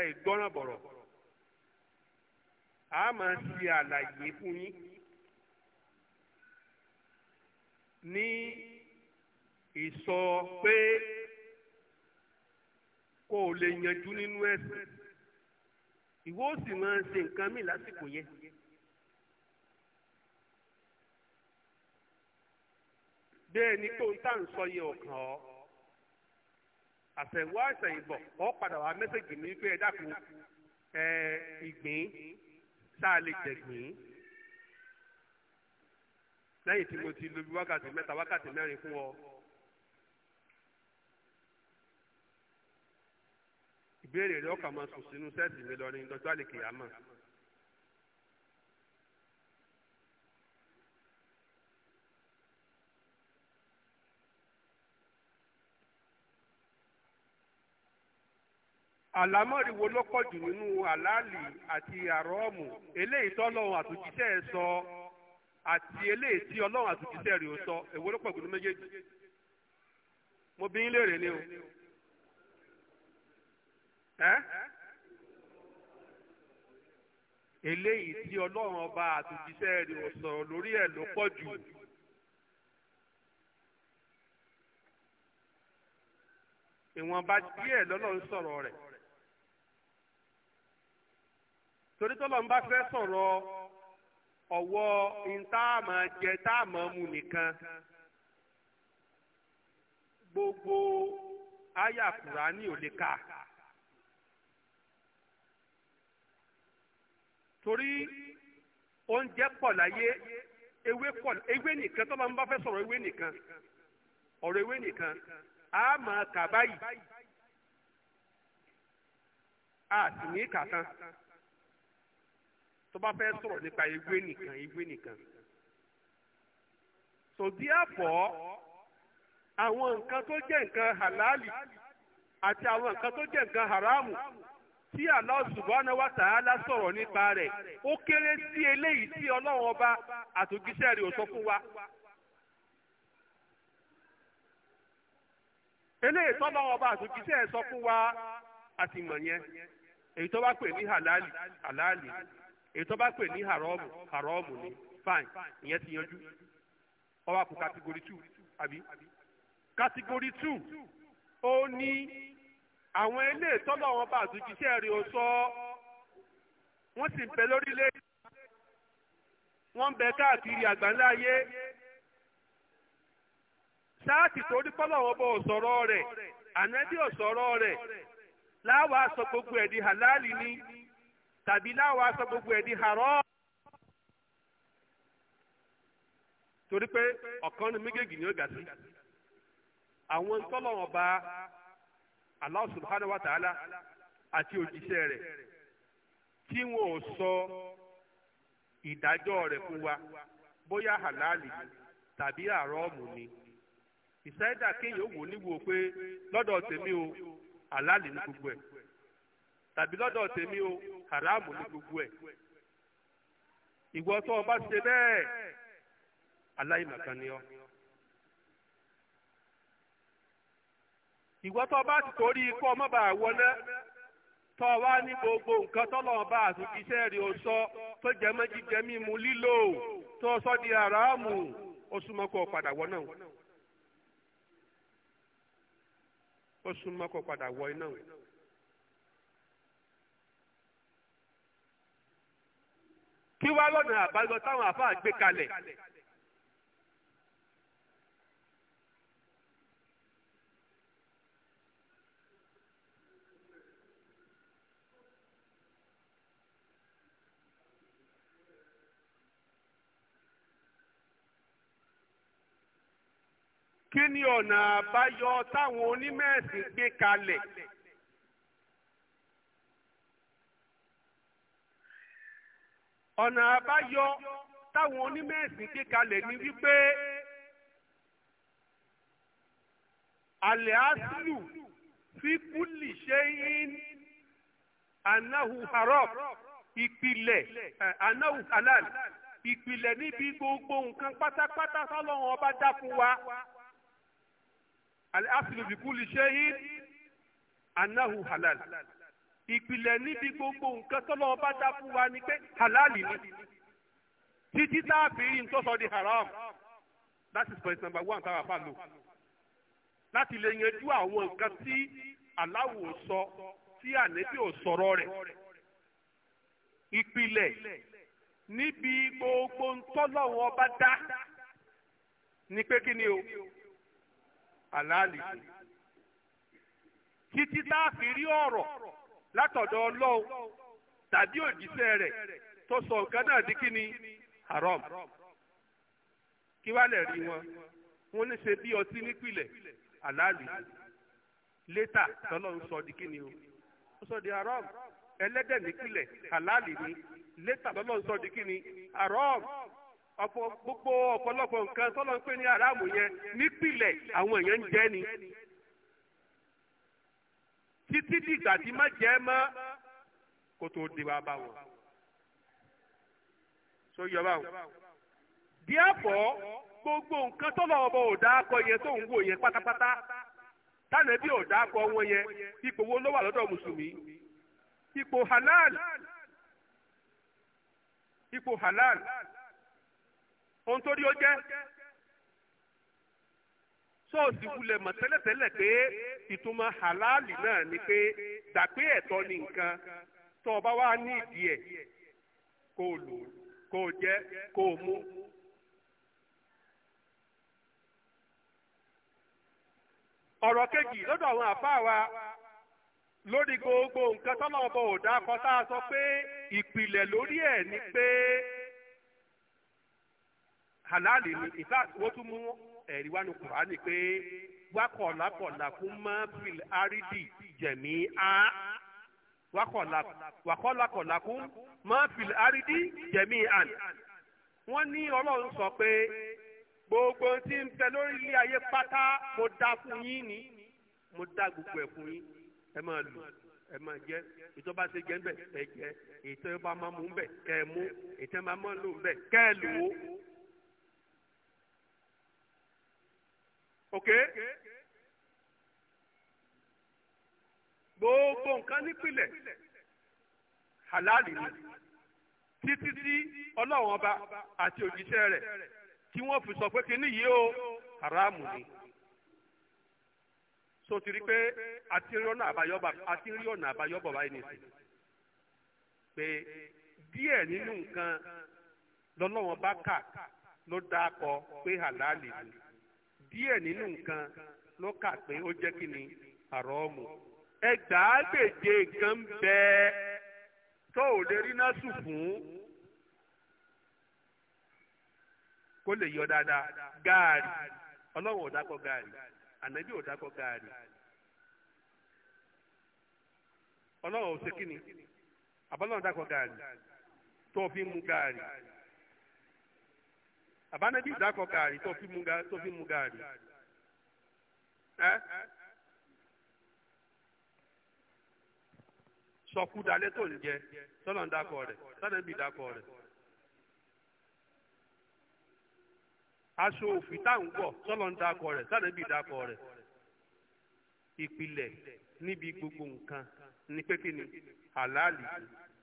ẹ bọ̀rọ̀ a máa ṣe àlàyé fún yín ní ìsọ pé kò lè yanjú nínú ẹ̀sìn ìwọ sì máa ṣe nǹkan lásìkò bẹ́ẹ̀ ni kó n tá sọ yẹn ọ̀kan ọ́ àtẹ̀wọ́ àtẹ̀yìnbọ̀ ọ́ padà wá mẹ́sẹ̀gì mi pé ẹ dákun ẹ ìgbín tá a lè lẹ́yìn tí mo ti lo bí wákàtí mẹ́ta wákàtí mẹ́rin fún ọ. ìbéèrè rẹ ọkà máa sùn sínú sẹ́ẹ̀tì mi lọ àlámọ̀rí wo ló pọ̀ jù nínú àlàálì àti àrọ́ọ̀mù eléyìí tọ́lọ́run àtúnjíṣẹ́ ẹ̀ sọ àti eléyìí tí ọlọ́run àtúnjíṣẹ́ rẹ̀ ò sọ èwo ló pọ̀ jù nínú méjèèjì mo bí yín léèrè ni o ẹ́ eléyìí tí ọlọ́run ọba àtúnjíṣẹ́ rẹ̀ ò sọ lórí ẹ̀ ló pọ̀ jù. ìwọ̀nba díẹ̀ lọ́lọ́run sọ̀rọ̀ rẹ̀. torí tọ́lọ̀ ń bá fẹ́ sọ̀rọ̀ ọ̀wọ́ ntáàmà jẹ táàmà mu nìkan gbogbo àyà Kùránì ò lè torí oúnjẹ pọ̀ láyé ewé pọ̀ ewé nìkan tọ́lọ́ ń bá fẹ́ sọ̀rọ̀ ewé nìkan ọ̀rọ̀ ewé nìkan a máa kà báyìí a sì ní kà tó bá fẹ́ sọ̀rọ̀ nípa ewé nìkan ewé nìkan. so therefore àwọn nǹkan tó jẹ́ nǹkan halali àti àwọn nǹkan tó jẹ́ nǹkan haramu tí Allah subhanahu wa ta'ala sọ̀rọ̀ nípa rẹ̀ ó kéré sí eléyìí tí ọlọ́run ọba àtòjíṣẹ́ rẹ̀ ò sọ fún wa. eléyìí ọba àtòjíṣẹ́ rẹ̀ sọ fún wa àtìmọ̀ yẹn èyí tó bá pè ní halali halali. halali. èyí tó bá pè ní haramu haramu ni fine ìyẹn ti yanjú ó wá kù category two àbí category two ó ní àwọn ilé ìtọ́lọ̀ wọn bá àtúnjíṣẹ́ rí o sọ wọ́n sì ń bẹ lórílẹ̀ wọ́n ń bẹ káàkiri àgbáńlá ayé sáàtì torí kọ́lọ̀ wọn bọ̀ sọ̀rọ̀ rẹ̀ ànábì ò sọ̀rọ̀ rẹ̀ láwa sọ gbogbo ẹ̀ di halali ni. tàbí láwa sọ gbogbo ẹ̀ di haram. torí pé ọ̀kan ní méjèèjì ni ó gà sí àwọn tọ́lọ̀wọ̀n bá Allah subhanahu wa ta'ala àti òjíṣẹ́ rẹ̀ tí wọn ò sọ ìdájọ́ rẹ̀ fún wa bóyá halali tàbí àrọ́ọ̀mù ni ìsáyédà kéèyàn ó wò níwò pé lọ́dọ̀ tèmi o halali ní gbogbo ẹ̀ tàbí lọ́dọ̀ tèmi o haramu ní gbogbo ẹ̀ ìwọ tó o bá ṣe bẹ́ẹ̀ aláìmọ̀kan ni ọ. ìwọ tó o bá ti torí ikọ ọmọ bá wọlé tó o wá ní gbogbo nǹkan tó lọ́wọ́ bá àtúntí iṣẹ́ o sọ tó jẹ jíjẹ mímu lílo tó o sọ di kí wá lọ́nà àbáyọ táwọn àfáà gbé kalẹ̀. kí ni ọ̀nà àbáyọ táwọn onímẹ̀sìn gbé kalẹ̀. ọ̀nà àbáyọ táwọn onímẹ̀sìn kíkalẹ̀ ní wípé àlẹ́ àṣìlù fi kúlì ṣe ń anahu haram ìpìlẹ̀ anahu halal ìpìlẹ̀ níbi gbogbo nǹkan pátápátá sọ́lọ́run ọba dá fún wa àlẹ́ àṣìlù fi kúlì ṣe ń anahu halal ìpìlẹ̀ níbi gbogbo nǹkan tọ́lọ́ bá dá fún wa ni pé halali ni títí táàbìrì ń tọ́sọ di haram that is point number one táwọn afa lò láti lè yanjú àwọn nǹkan tí aláwo sọ tí ànẹ́bí ò sọ̀rọ̀ rẹ̀ ìpìlẹ̀ níbi gbogbo ntọ́lọ́wọ́ bá dá ni pé kí ni o àlàálì títí tá a fi rí ọ̀rọ̀ látọ̀dọ̀ ọlọ́run tàbí òjíṣẹ́ rẹ̀ tó sọ nǹkan náà di kí ni haram kí wàá lè rí wọn wọn ní ṣe bí ọtí nípìlẹ̀ àlàálì létà di kí ni o ó sọ di haram ẹlẹ́dẹ̀ nípìlẹ̀ àlàálì ni létà tọ́lọ́run sọ di kí ni haram ọ̀pọ̀ gbogbo ọ̀pọ̀lọpọ̀ nǹkan tọ́lọ́run pé ní yẹn nípìlẹ̀ àwọn èèyàn ń ni. títí dìgbà tí má jẹ́ mọ́ kó tó di wá bá so yọ báwọn. díàpọ̀ gbogbo nǹkan tó lọ́wọ́ bọ̀ ò dáàkọ yẹn tó ń wò yẹn pátápátá tánàbí ò dáàkọ wọn yẹn ipò wo ló wà lọ́dọ̀ mùsùlùmí ipò halal ipò halal ohun tó rí ó jẹ́. sọ wulẹ̀ mọ̀ tẹ́lẹ̀tẹ́lẹ̀ pé ìtumọ̀ halali náà ni pé dàpé ẹ̀tọ́ ni nǹkan tó o bá wá ní ìdí ẹ̀ kó o lò kó o jẹ kó o mú. ọ̀rọ̀ kejì lọ́dọ̀ àwọn àfáà wa lórí gbogbo nǹkan tọ́lọ́ọ̀bọ̀ ò dákọ tá a sọ pé ìpìlẹ̀ lórí ẹ̀ ni pé halali ni ìfà wọ́n tún mú wọn. ẹ̀rí wá ní kùránì pé wákọ̀lákọ̀lá fún mọ́fìlì árídì jẹ̀mí á wákọ̀lákọ̀lá fún mọ́fìlì árídì jẹ̀mí á. wọ́n ní ọlọ́run sọ pé gbogbo tí ń bẹ lórí ilé ayé pátá mo dá fún yín ni mo dá gbogbo ẹ̀ fún yín ẹ máa lò ẹ máa jẹ ètò bá ṣe jẹ ń bẹ ẹ jẹ ètò ẹ bá máa mú ń bẹ kẹ ẹ mú ètò máa mọ lò ń bẹ kẹ ẹ lò ó. okay gbogbo nǹkan nípìnlẹ̀ halali ni títí tí ọlọ́run ọba àti òjíṣẹ́ rẹ̀ kí wọ́n fi sọ pé kíní yìí ó haramu ni so ti rí pé àti rí ọ̀nà àbáyọ́bà àti rí ọ̀nà àbáyọ́bà báyìí nìsín pé díẹ̀ nínú nǹkan lọ́lọ́run ọba kà ló dáa kọ pé halali ni. díẹ̀ nínú nǹkan ló kà pé ó jẹ́ kí ni àrọ́ọ̀mù ẹgbàágbèje nǹkan ń bẹ tó ò lè rí náà fún kó lè yọ dáadáa gaari ọlọ́run ò dákọ̀ gaari ànábì ò dákọ̀ gaari ọlọ́run ò ṣe kí ni dákọ̀ gaari tó o fi mu gaari. àbánábì ìdákọ gàrí tó fi mu gàrí ẹ sọkú dalẹ tó ń jẹ sọlọ ń dákọ rẹ sọlọbì ìdákọ rẹ aṣọ òfì táwọn gbọ sọlọ ń dákọ rẹ sọlọbì ìdákọ rẹ ìpìlẹ̀ níbi gbogbo nǹkan ní pé kí ni àlàálì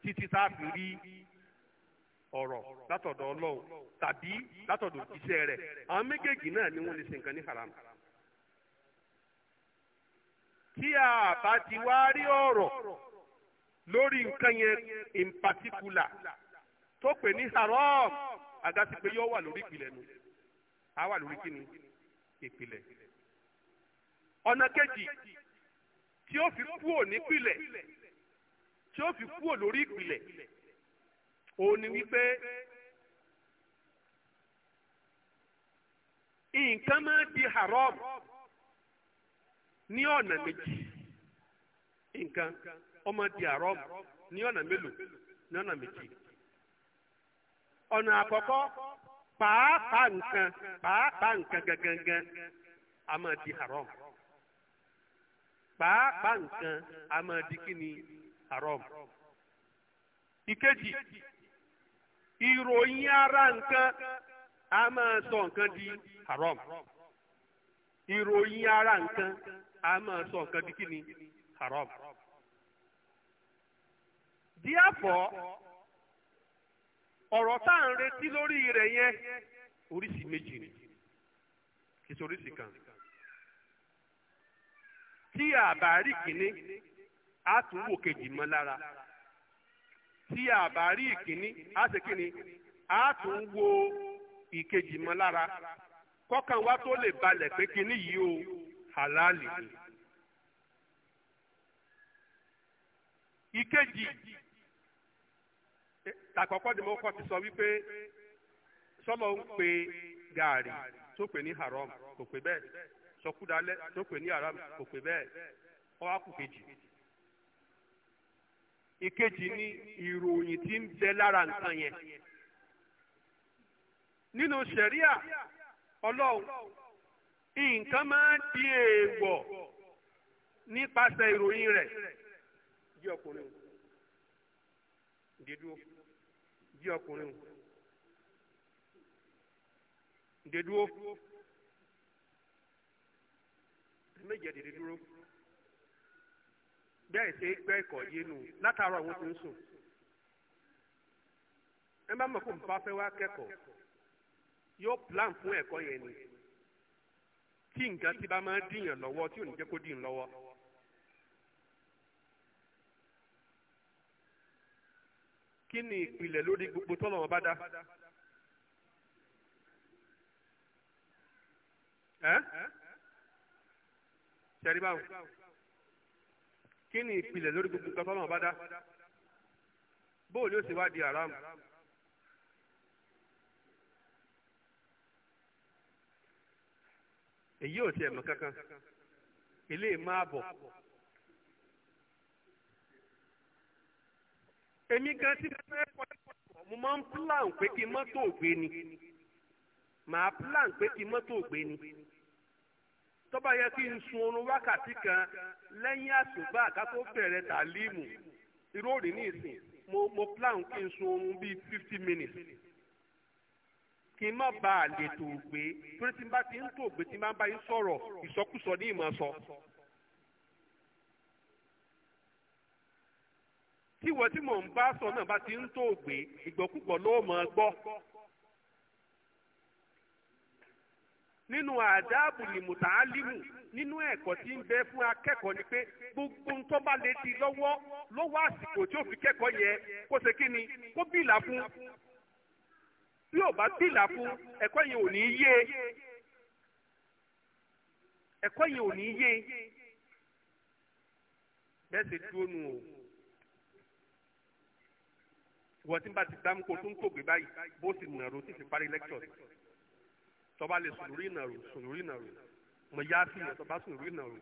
títí tá a fi rí ọ̀rọ̀ látọ̀dọ̀ ọlọ́run tàbí látọ̀dọ̀ òjíṣẹ́ rẹ̀ àwọn méjèèjì náà ni wọ́n lè ṣe nǹkan ní haram. tí a bá ti wá rí ọ̀rọ̀ lórí nǹkan yẹn in particular tó pè ní haram àgàtì pé yóò wà lórí ìpìlẹ̀ nu a wà lórí ni ìpìlẹ̀. ọ̀nà kejì tí ó fi kúò nípìlẹ̀ tí ó fi kúò lórí ìpìlẹ̀. òun ni wípé nǹkan máa di haram ní ọ̀nà méjì nǹkan ó máa di haram ní ọ̀nà mélòó ní ọ̀nà méjì ọ̀nà àkọ́kọ́ pàápàá nǹkan pàápàá nǹkan gangan a máa di haram pàápàá nǹkan a máa di kí haram ìkejì. ìròyìn ara nǹkan a máa sọ nǹkan di haram ìròyìn ara nǹkan a máa sọ nǹkan di kíni haram. therefore ọ̀rọ̀ tá à ń retí lórí rẹ̀ yẹn oríṣi méjì ni kì kan tí a kìíní tí a bá rí ìkíní á ṣe kíni á tún wo ìkejì mọ́ lára kọ́kàn wa tó lè balẹ̀ pé kíní yìí o halali ni. ìkejì tàkọ́kọ́ ni mo ti sọ wípé sọ́mọ ń pe gààrí tó pè ní haram kò pé bẹ́ẹ̀ sọkúdalẹ́ tó pè ní haram kò pé bẹ́ẹ̀ ọwọ́ kù kejì. ìkejì ni ìròyìn tí ń bẹ lára nǹkan yẹn nínú sẹ̀ríà ọlọ́run nǹkan máa ń di èèwọ̀ nípasẹ̀ ìròyìn rẹ̀ bí ọkùnrin ǹdẹ́dúró bí ọkùnrin ǹdẹ́dúró méje dèdè dúró bẹ́ẹ̀ ṣe gbẹ́ ìkọ̀ yé nu látara àwọn tó ń sùn ẹ bá mọ̀ fún bá fẹ́ wá kẹ́kọ̀ọ́ yóò plan fún ẹ̀kọ́ yẹn ni tí nǹkan tí bá máa dìyàn lọ́wọ́ tí ò ní jẹ́ kó dìyàn lọ́wọ́. kí ni ìpìlẹ̀ lórí gbogbo tọ́lọ̀ wọn bá dá. ẹ ṣe rí báwo kí ni ìpìlẹ̀ lórí gbogbo nǹkan tọ́lọ́mọ bá dá bóò ni ó sì wá di haram. èyí ò tiẹ̀ mọ̀ kankan ilé máa bọ̀. èmi gan ti fẹ́ pọ̀ mo máa ń plan pé kí mọ́tò gbé ni màá plan pé kí mọ́tò gbé ni. tó bá yẹ kí n sun oorun wákàtí kan lẹ́yìn àsùbá ká bẹ̀rẹ̀ tàlímù irú òní ní ìsìn mo mo plan kí n sun oorun bíi fifty minutes kí n má ba à lè tó gbé torí tí n bá ti ń tó gbé tí n bá ń bá yín sọ̀rọ̀ ìsọkúsọ ní ìmọ̀ sọ. tíwọ́ tí mò ń bá sọ náà bá ti ń tó gbé ìgbọ́kúgbọ̀ ló mọ̀ ọ́ gbọ́. nínú àdáàbù ni mùtàálímù nínú ẹ̀kọ́ tí ń bẹ fún akẹ́kọ̀ọ́ ni pé gbogbo ń tó bá lè di lọ́wọ́ lọ́wọ́ àsìkò tí ó fi kẹ́kọ̀ọ́ yẹ kó ṣe kí ni kó bìlà fún bí ò bá bìlà fún ẹ̀kọ́ yẹn ò ní yé ẹ̀kọ́ yẹn ò ní yé bẹ́ẹ̀ ṣe dúró nù o ìwọ tí ń bá ti dáhùn kó tó ń tògbé báyìí bó sì nàró tí fi parí lẹ́kṣọ̀ tọba le sunuri na ìnàrò sunuri na ìnàrò mo ya fi ìyẹn tọba sùn lórí ìnàrò.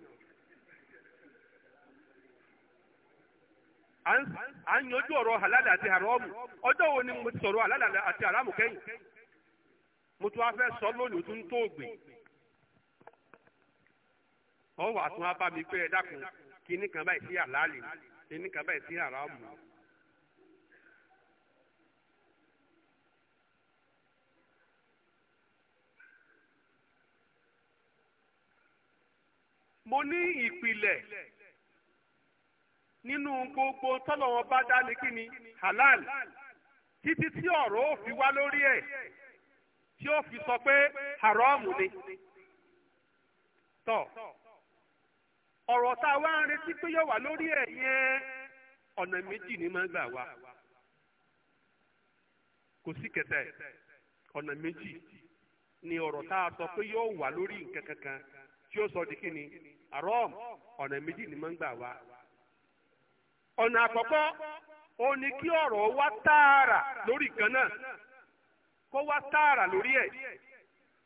à ń yanjú ọ̀rọ̀ halal àti haramu ọjọ́ wo ni mo ti sọ̀rọ̀ halal àti haramu mo tún sọ lori o tún tó ọ mi pé ẹ dákun kí ní kan báyìí sí halal kí mo ní ìpìlẹ̀ nínú gbogbo tọ́lọ́wọ́n bá dá ní kíni halal títí tí ọ̀rọ̀ ò fi wá lórí ẹ̀ tí ó fi sọ pé haram ni. tọ́ ọ̀rọ̀ tá a wá ń retí pé yóò wà lórí ẹ̀ yẹn ọ̀nà méjì ni máa ń gbà wá kò sí kẹtẹ ọ̀nà méjì ni ọ̀rọ̀ tá a sọ pé yóò wà lórí nǹkan kankan. tí ó sọ di kíni àrọ́ọ̀mù ọ̀nà méjì ni máa ń gbà wá. ọ̀nà àkọ́kọ́ ó ní kí ọ̀rọ̀ wá tààrà lórí kan náà kó wá tààrà lórí ẹ̀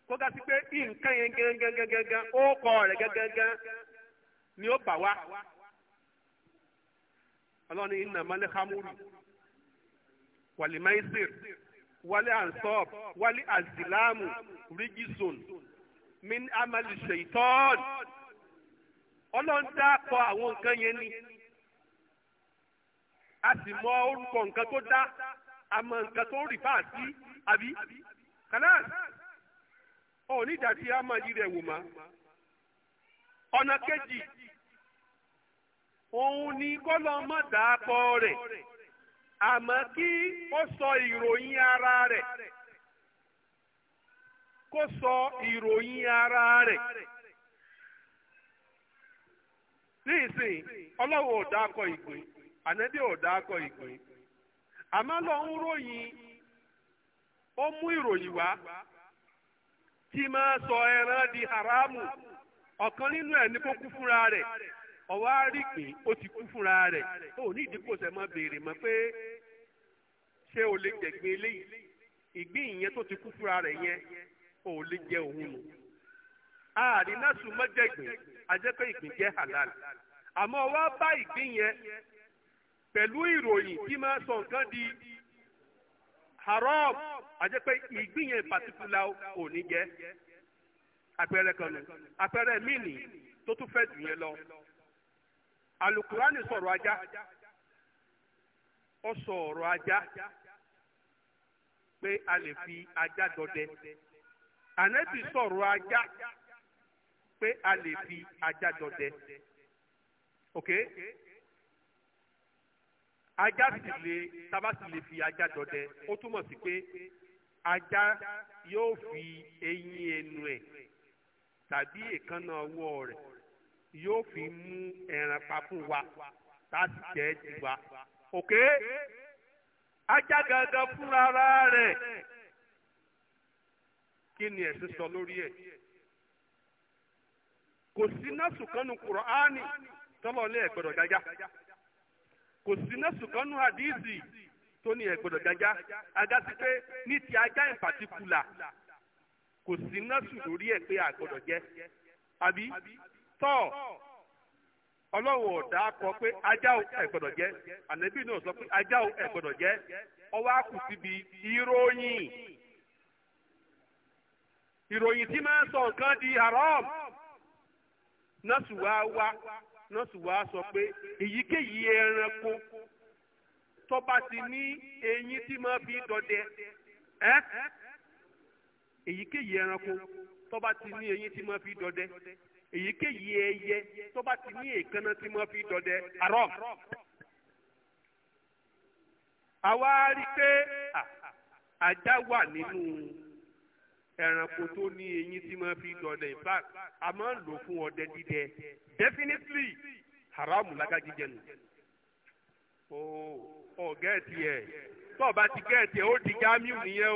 kó ga sí pé nǹkan yẹn gangan ó kọ rẹ̀ gangan ni ó bà wá. ọlọ́ni iná malẹ́ hamuru wàlímáísìr wàlí ansọ́ọ̀b wàlí azilamu rígísùn min amali ṣèitọ́ọ̀n ọlọ́run dákọ̀ àwọn nǹkan yẹn ni a sì mọ orúkọ nǹkan tó dá àmọ́ nǹkan tó rì fáà sí àbí kanáàsì ò ní ìdásí amáyí wò má ọ̀nà kejì òun ni kọ́lọ́ mọ̀ dákọ̀ rẹ̀ àmọ́ kí ó sọ ìròyìn ara rẹ̀. kó sọ ìròyìn ara rẹ̀ nísìnyí ọlọ́wọ́ ò dákọ ìgbín ànábì ò dákọ ìgbín àmọ́ ròyìn ó mú ìròyìn tí máa sọ ẹran di haramu ọ̀kan nínú ẹ̀ ní kó kú fúnra rẹ̀ ọwọ́ rí pé ó ti kú fúnra rẹ̀ ó ní ìdíkò sẹ́ mọ́ béèrè mọ́ pé ṣé o lè eléyìí ìgbín ìyẹn ò jẹ òun nù. ààrin náà sùn pé jẹ́ halal àmọ́ wá bá ìgbín yẹn pẹ̀lú ìròyìn tí máa sọ nǹkan di haram àjẹ́ pé ìgbín yẹn pàtíkùlà ò ní jẹ́ àpẹẹrẹ kan nù àpẹẹrẹ nì tó alukurani sọ̀rọ̀ ajá ó sọ̀rọ̀ ajá pé a lè fi ajá ànẹ́bì sọ̀rọ̀ ajá pé a lè fi ajá jọdẹ ok ajá sì lè tábà sì lè fi ajá jọdẹ ó túmọ̀ sí pé ajá yóò fi eyín ẹnu ẹ̀ tàbí èékánná ọwọ́ rẹ̀ yóò fi mú ẹran pa fún wa láti jẹ́ tiwa ok ajá gangan fúnra rẹ̀. kí ni ẹ̀sìn sọ lórí ẹ̀ kò sí násù kan nu kùrọ̀ánì tọ́lọ́lé ẹ̀gbọ́dọ̀ jájá kò sí násù kan nu àdíìsì tó ní ẹ̀gbọ́dọ̀ jájá ajá sí pé ní ti ajá in pàtíkùlà kò sí násù lórí ẹ̀ pé àgbọ́dọ̀ jẹ́ àbí tọ́ ọlọ́run ọ̀dà kọ pé ajá ẹ̀gbọ́dọ̀ jẹ́ ànábì náà sọ pé ajá ẹ̀gbọ́dọ̀ jẹ́ ìròyìn tí máa ń sọ nǹkan di haram nọ́ọ̀sì wa wá nọ́ọ̀sì wa sọ pé èyíkéyìí ẹranko tó bá ti ní eyín tí máa fi dọdẹ ẹ èyíkéyìí ẹranko tó bá ti ní eyín tí máa fi dọdẹ èyíkéyìí ẹyẹ tó bá ti ní èékánná tí máa fi dọdẹ haram àwa rí i pé àjà wà nínú ẹranko tó ní eyín tí máa fi dọdẹ in fact a máa ń lò fún ọdẹ dídẹ definitely haramu lága jíjẹ nù. o ò gẹ́ẹ̀tì ẹ̀ tó o bá ti gẹ́ẹ̀tì ẹ̀ ó di jamiu nìyẹn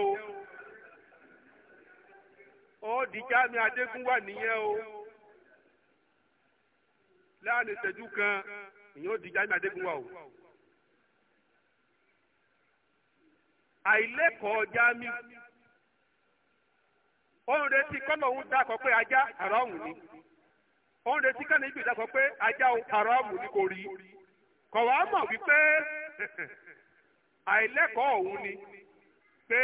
o ó di jamiu adégúnwà nìyẹn o láàrin ìṣẹ́jú kan ìyẹn ó di jamiu adégúnwà o. àìlẹ́kọ̀ọ́ jamiu òun retí kọ́nà òun dákọ̀ pé ajá àrọ́ọ̀mù ni òun retí kọ́nà ibi dákọ̀ pé ajá àrọ́ọ̀mù ni kò rí kọ̀ wá mọ̀ wípé àìlẹ́kọ̀ọ́ òun ni pé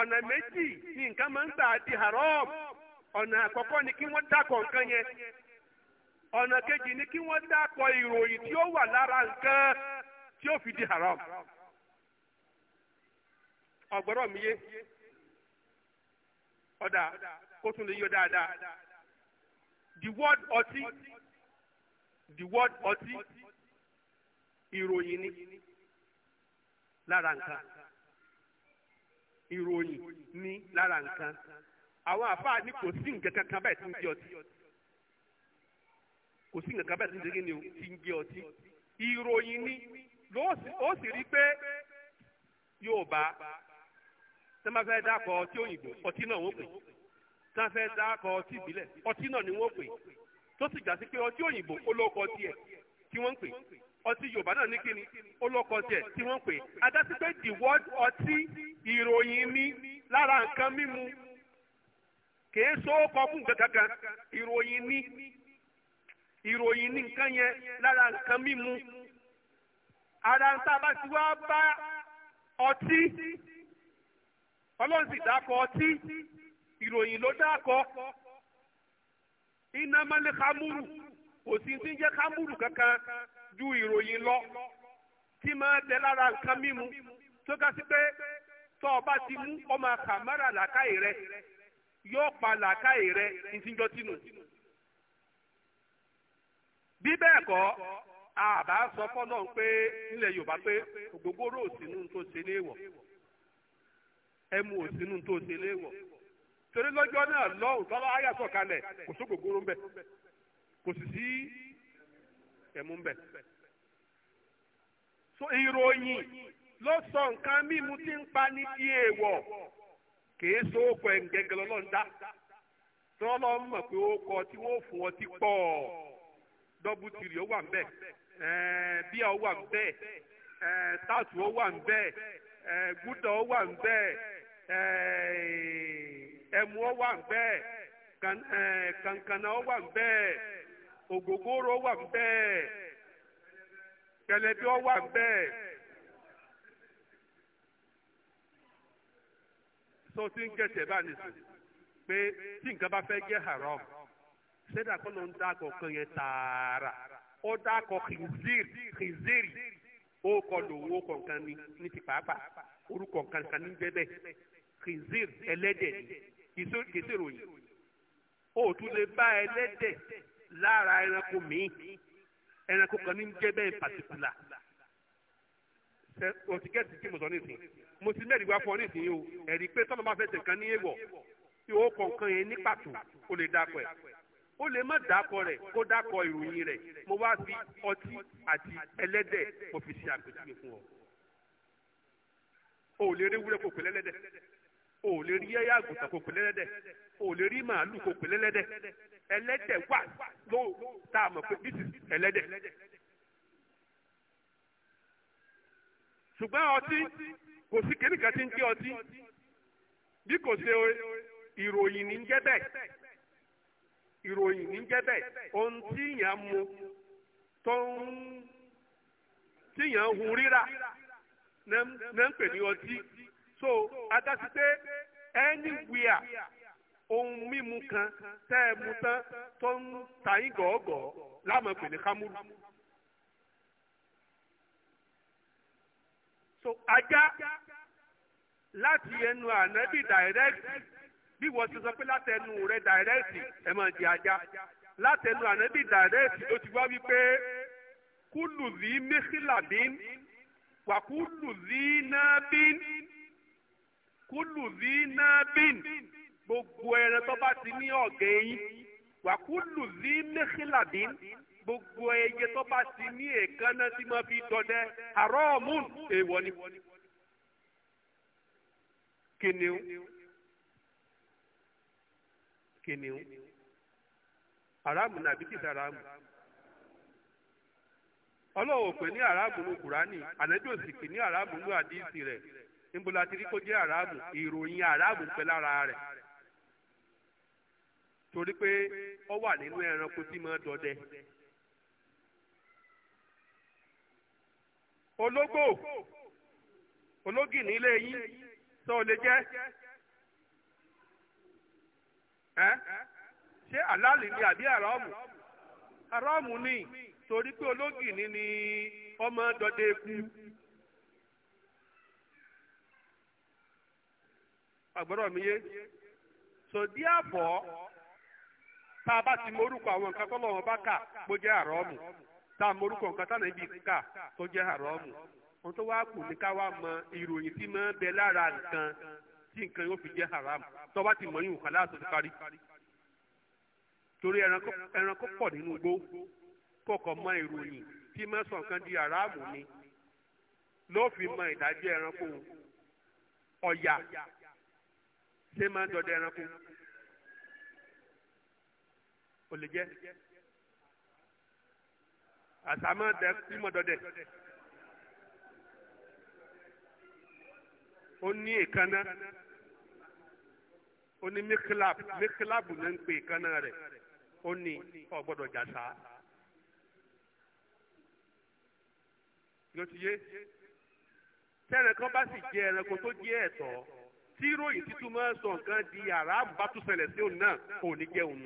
ọ̀nà méjì ni nǹkan máa ń gbà di haram ọ̀nà àkọ́kọ́ ni kí wọ́n dákọ̀ nǹkan yẹn ọ̀nà kejì ni kí wọ́n dákọ̀ ìròyìn tí ó wà lára nǹkan tí ó fi di haram ọ̀gbọ́rọ̀ mi yé ọ̀dà ó tún lè yọ dáadáa the word ọtí the word ọtí ìròyìn ni lára nǹkan ìròyìn ni lára nǹkan àwọn àfáà ní kò sí nǹkan kankan báyìí tí ń jẹ ọtí kò sí nǹkan báyìí tí ń jẹ ni o tí ń jẹ ọtí ìròyìn ni ó sì rí pé yóò bá tí wọ́n fẹ́ dákọ̀ ọtí òyìnbó ọtí náà wọ́n pè tí wọ́n fẹ́ dákọ̀ ọtí ìbílẹ̀ ọtí náà ni wọ́n pè tó sì gbà sí pé ọtí òyìnbó olóko tiẹ̀ tí wọ́n pè ọtí yorùbá náà ní kíni olóko tiẹ̀ tí wọ́n pè adásí pé the word ọtí ìròyìn mi lára nǹkan mímu kìí sóókọ fún gàgàgà ìròyìn ní ìròyìn ní nǹkan yẹn lára nǹkan mímu ara ń tá a bá ti wá bá ọtí. ọlọ́run sì dákọ ọtí ìròyìn ló dákọ iná mọ́lẹ́ kámúrù kò sí ti ń kankan ju ìròyìn lọ tí máa bẹ lára nǹkan mímu tó ká sí pé ọba ti mú ọmọ kàmárà làákàyè rẹ yóò pa làákàyè rẹ ní bí bẹ́ẹ̀ kọ́ àbá sọ fọ́nà pé nílẹ̀ yorùbá pé tó ẹmu ò sínú tó ṣe léèwọ̀ torí lọ́jọ́ náà lọ́hùn tọ́lá ayà sọ̀kalẹ̀ kò sí gbogbo ńbẹ kò sì sí ẹmu so ìròyìn ló sọ nǹkan mímu tí ń pa ní bí èèwọ̀ kìí so okò ẹ̀ lọ́lọ́ńdá tọ́lọ́ mọ̀ pé ó kọ tí wọ́n fún ọ ti pọ̀ dọ́bù tìrì ó wà ń bẹ̀ bíà ó wà ń bẹ̀ táàtù ó wà ń bẹ̀ gúdà ó wà ń Eh, ẹmu ọ wà nbẹ eh, kankana ọ wà nbẹ ògógóró ọ wà nbẹ kẹlẹbi ọ wà nbẹ sọtí ń gẹ̀tẹ̀ bá nìsí pé tí nǹkan bá fẹ́ jẹ́ haram sẹ́dà kọ́ ló ń dá kọ̀ọ̀kan yẹn tààrà ó dá kọ kìzìrì ó kọ kìzìr ẹlẹ́dẹ̀ ni kìsì ròyìn o tún lè bá ẹlẹ́dẹ̀ lára ẹranko míì ẹranko kan ní jẹ́ bẹ́ẹ̀ pàtìkùlà òtíkẹ́tì tí mo sọ nísìn mo ti mẹ́rin wá fún ọ nísìn o ẹ̀rí pé tọ́lọ́ bá fẹ́ tẹ̀ kan ní èèwọ̀ tí o kọ̀ọ̀kan yẹn ní pàtó o lè dákọ̀ ẹ̀ ó lè má dákọ rẹ kó dákọ ìròyìn rẹ mo wá fi ọtí àti ẹlẹ́dẹ̀ mo fi ṣe àpèjúwe fún ọ. o ò lè rí wúrẹ́ kó pè o lè rí ẹyà àgùntàn kò pèlè o lè rí màálù kò pèlè ẹlẹ́dẹ̀ wà ló tá a mọ̀ pé this is ẹlẹ́dẹ̀. ṣùgbọ́n ọtí kò sí kìnnìkan tí ń bí kò ṣe ìròyìn ní jẹ́ so adásí pé anywhere ohun mímu kan tẹ́ ẹ mu tán tó ń ta yín gọ̀ọ́gọ̀ láàmú pè ní kámúrú. so ajá láti ẹnu ànábì dàírẹ́tì bí wọ́n ti sọ pé láti ẹnu rẹ dàírẹ́tì ẹ máa di ajá láti ẹnu ànábì dàírẹ́tì ó ti wá wípé kúlù zí mẹ́sìlá bín wàkúlù zí náà bín wàkúlùdí nábìn gbogbo ẹran tó bá ti ní ọ̀gẹ̀ eyín wàkúlùdí mẹ́kìlàdín gbogbo ẹyẹ tó bá ti ní èékánná tí mo fi dọdẹ àrọ́ọ̀mùn èèwọ̀ ni. kìnìún kìnìún aráàmù nàbí kìí sàràmù ọlọ́wọ́ pè ní aráàmù ní kùránì ànájọ́sì pè ní aráàmù ní àdìsí rẹ̀. níbo la ti rí kó jẹ́ àràmù ìròyìn àràmù pẹ́ lára rẹ̀ torí pé wà nínú ẹranko tí mo dọdẹ. ológbò ológì ilé yín sọ ò lè jẹ́ ẹ́ ṣé àlálì ni àbí àràmù àràmù ni torí pé ológìní ni ọmọ dọdẹ kú. agbara mi yé so therefore tá a bá ti morúkọ àwọn nǹkan tó lọ́wọ́ bá kà kó jẹ́ àrọ́ọ̀mù tá a morúkọ nǹkan tá a nàbí kà tó jẹ́ àrọ́ọ̀mù wọn tó mọ ìròyìn tí máa bẹ lára nǹkan tí nǹkan yóò fi jẹ́ haram tó bá ti yín àti torí pọ̀ nínú mọ ìròyìn tí máa sọ nǹkan di haram ni mọ ìdájọ́ ọ̀yà ṣé máa ń dọdẹ ẹranko ò lè jẹ àṣà máa dẹ bí mo dọdẹ ó ní èékánná o ní mikilab mikilab ní ń pe èékánná rẹ ó ní ó gbọ́dọ̀ jàṣà yóò ti yé tẹ́lẹ̀ kan bá sì jẹ ẹranko tó tí ìròyìn títún máa sọ nǹkan di yàrá bá tún ṣẹlẹ̀ sí òun náà ò ní jẹun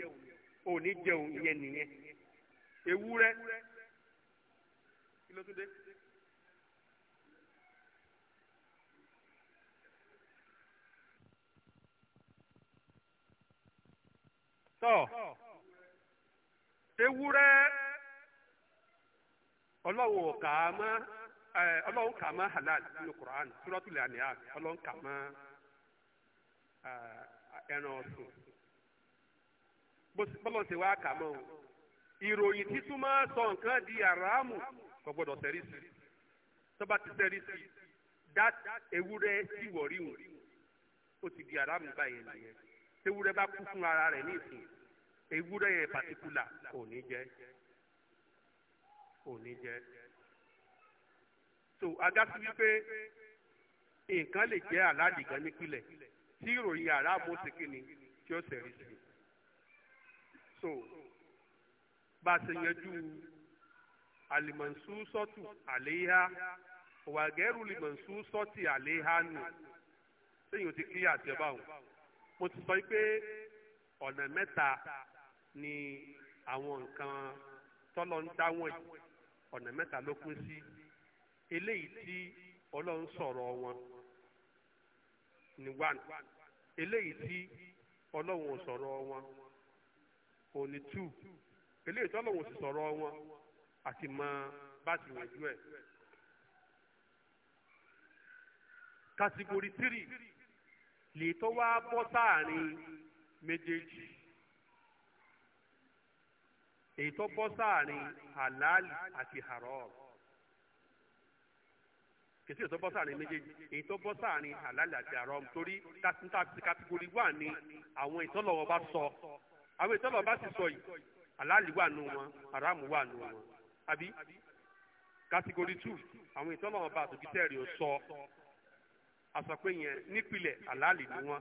kò ní jẹun ìyẹn nìyẹn ewúrẹ́ kí ló tún dé. tọ́ halal Qur'an Suratul An'am ọlọ́run kà á Uh, ẹran ọ̀sìn bọ́lọ̀ ṣe wá kà mọ́ o ìròyìn títún máa sọ di àràámù kò gbọ́dọ̀ sẹ́rí sí ti sẹ́rí sí dá ewúrẹ́ sì wọ̀rí wù ó ti di àràámù báyìí nìyẹn bá kú fún ara rẹ ní ìsìn yẹn pàtíkùlà kò ní jẹ́ kò ní jẹ so agasi wípé tí ìròyìn aráàmù ti kí tí ó tẹ̀lé sí so bá a ṣe yanjú alimansu sọ́tù àléhà wàgẹ́rù limansu sọ́tì àléhà nù sẹ́yìn ò ti kílíà tí ẹ mo ti sọ pé ọ̀nà mẹ́ta ni àwọn nǹkan tọ́lọ́ ń dáwọ̀n yìí ọ̀nà mẹ́ta ló kún sí eléyìí tí ọlọ́run sọ̀rọ̀ wọn ní one eléyìí tí ọlọ́run ò sọ̀rọ̀ wọn ò ní two eléyìí tí ọlọ́run ò sì sọ̀rọ̀ wọn àti mọ bá ti yanjú ẹ̀. kàtìgòrì three lè tó wá bọ́ sáàrin méjèèjì èyí tó bọ́ sáàrin halal àti haram kìsì tó bọ́ sáàrin méjèèjì èyí tó bọ́ sáàrin halal àti haram torí kàtìgòrì wà ní àwọn ìtọ́lọ́wọ́ bá sọ àwọn ìtọ́lọ́wọ́ bá sì sọ yìí halal wà nù wọn haram wà nù wọn àbí kàtìgòrì two àwọn ìtọ́lọ́wọ́ bá àtòkítẹ́rì ò sọ àsọpé yẹn nípìlẹ̀ halal ni wọn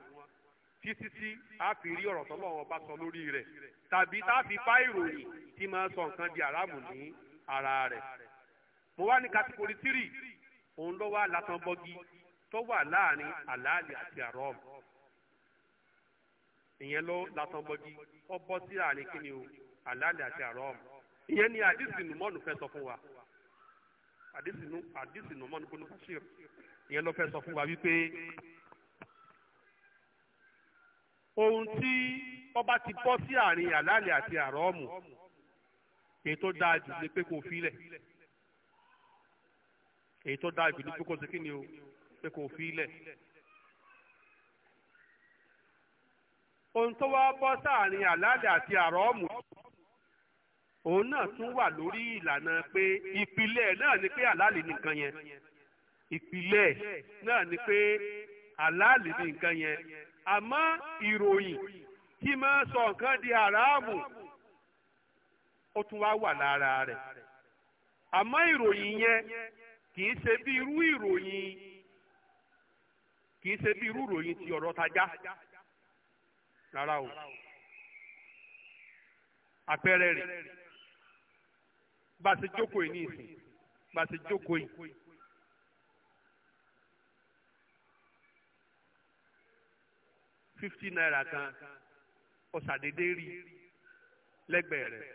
títí tí a fi rí ọ̀rọ̀ tọ́lọ́wọ́ bá sọ lórí rẹ̀ tàbí tá a fi bá ìròyìn tí máa sọ nǹkan di haram ní ara rẹ̀ mo wá ní kàtìgòrì three òun ló wá latan bọ́gi tó wà láàrin àlàálì àti àrọ́ọ̀mù ìyẹn ló latan bọ́gi ó bọ́ sí àárín kíni o àlàálì àti àrọ́ọ̀mù ìyẹn ni àdìsí nùmọ́nù fẹ́ sọ fún wa àdìsí nùmọ́nù bọ́nù bashir ìyẹn ló fẹ́ sọ fún wa wípé ohun tí ọba ti bọ́ sí àárín àlàálì àti àrọ́ọ̀mù èyí dáa jù ni pé kò fi lẹ̀ èyí tó dáa jù ní kókó sí ni o pé kò fi ilẹ̀. ohun tó wá bọ́ sáàrin àlàálẹ̀ àti àrọ́ọ̀mù òun náà tún wà lórí ìlànà pé ìpìlẹ̀ náà ni pé àlàálẹ̀ nìkan yẹn ìpìlẹ̀ náà ni pé àlàálẹ̀ nìkan yẹn àmọ́ ìròyìn tí máa sọ nǹkan di àràámù ó tún wá wà lára rẹ̀ àmọ́ ìròyìn yẹn kì í ṣe bí irú ìròyìn kì í ṣe bí irú ìròyìn ti ọ̀rọ̀ tajá rárá o àpẹẹrẹ rẹ̀ bá a ṣe jókòó yìí ní ìsìn bá a ṣe jókòó yìí. fifty naira kan ọ̀sàdédé rí lẹ́gbẹ̀ẹ́ rẹ̀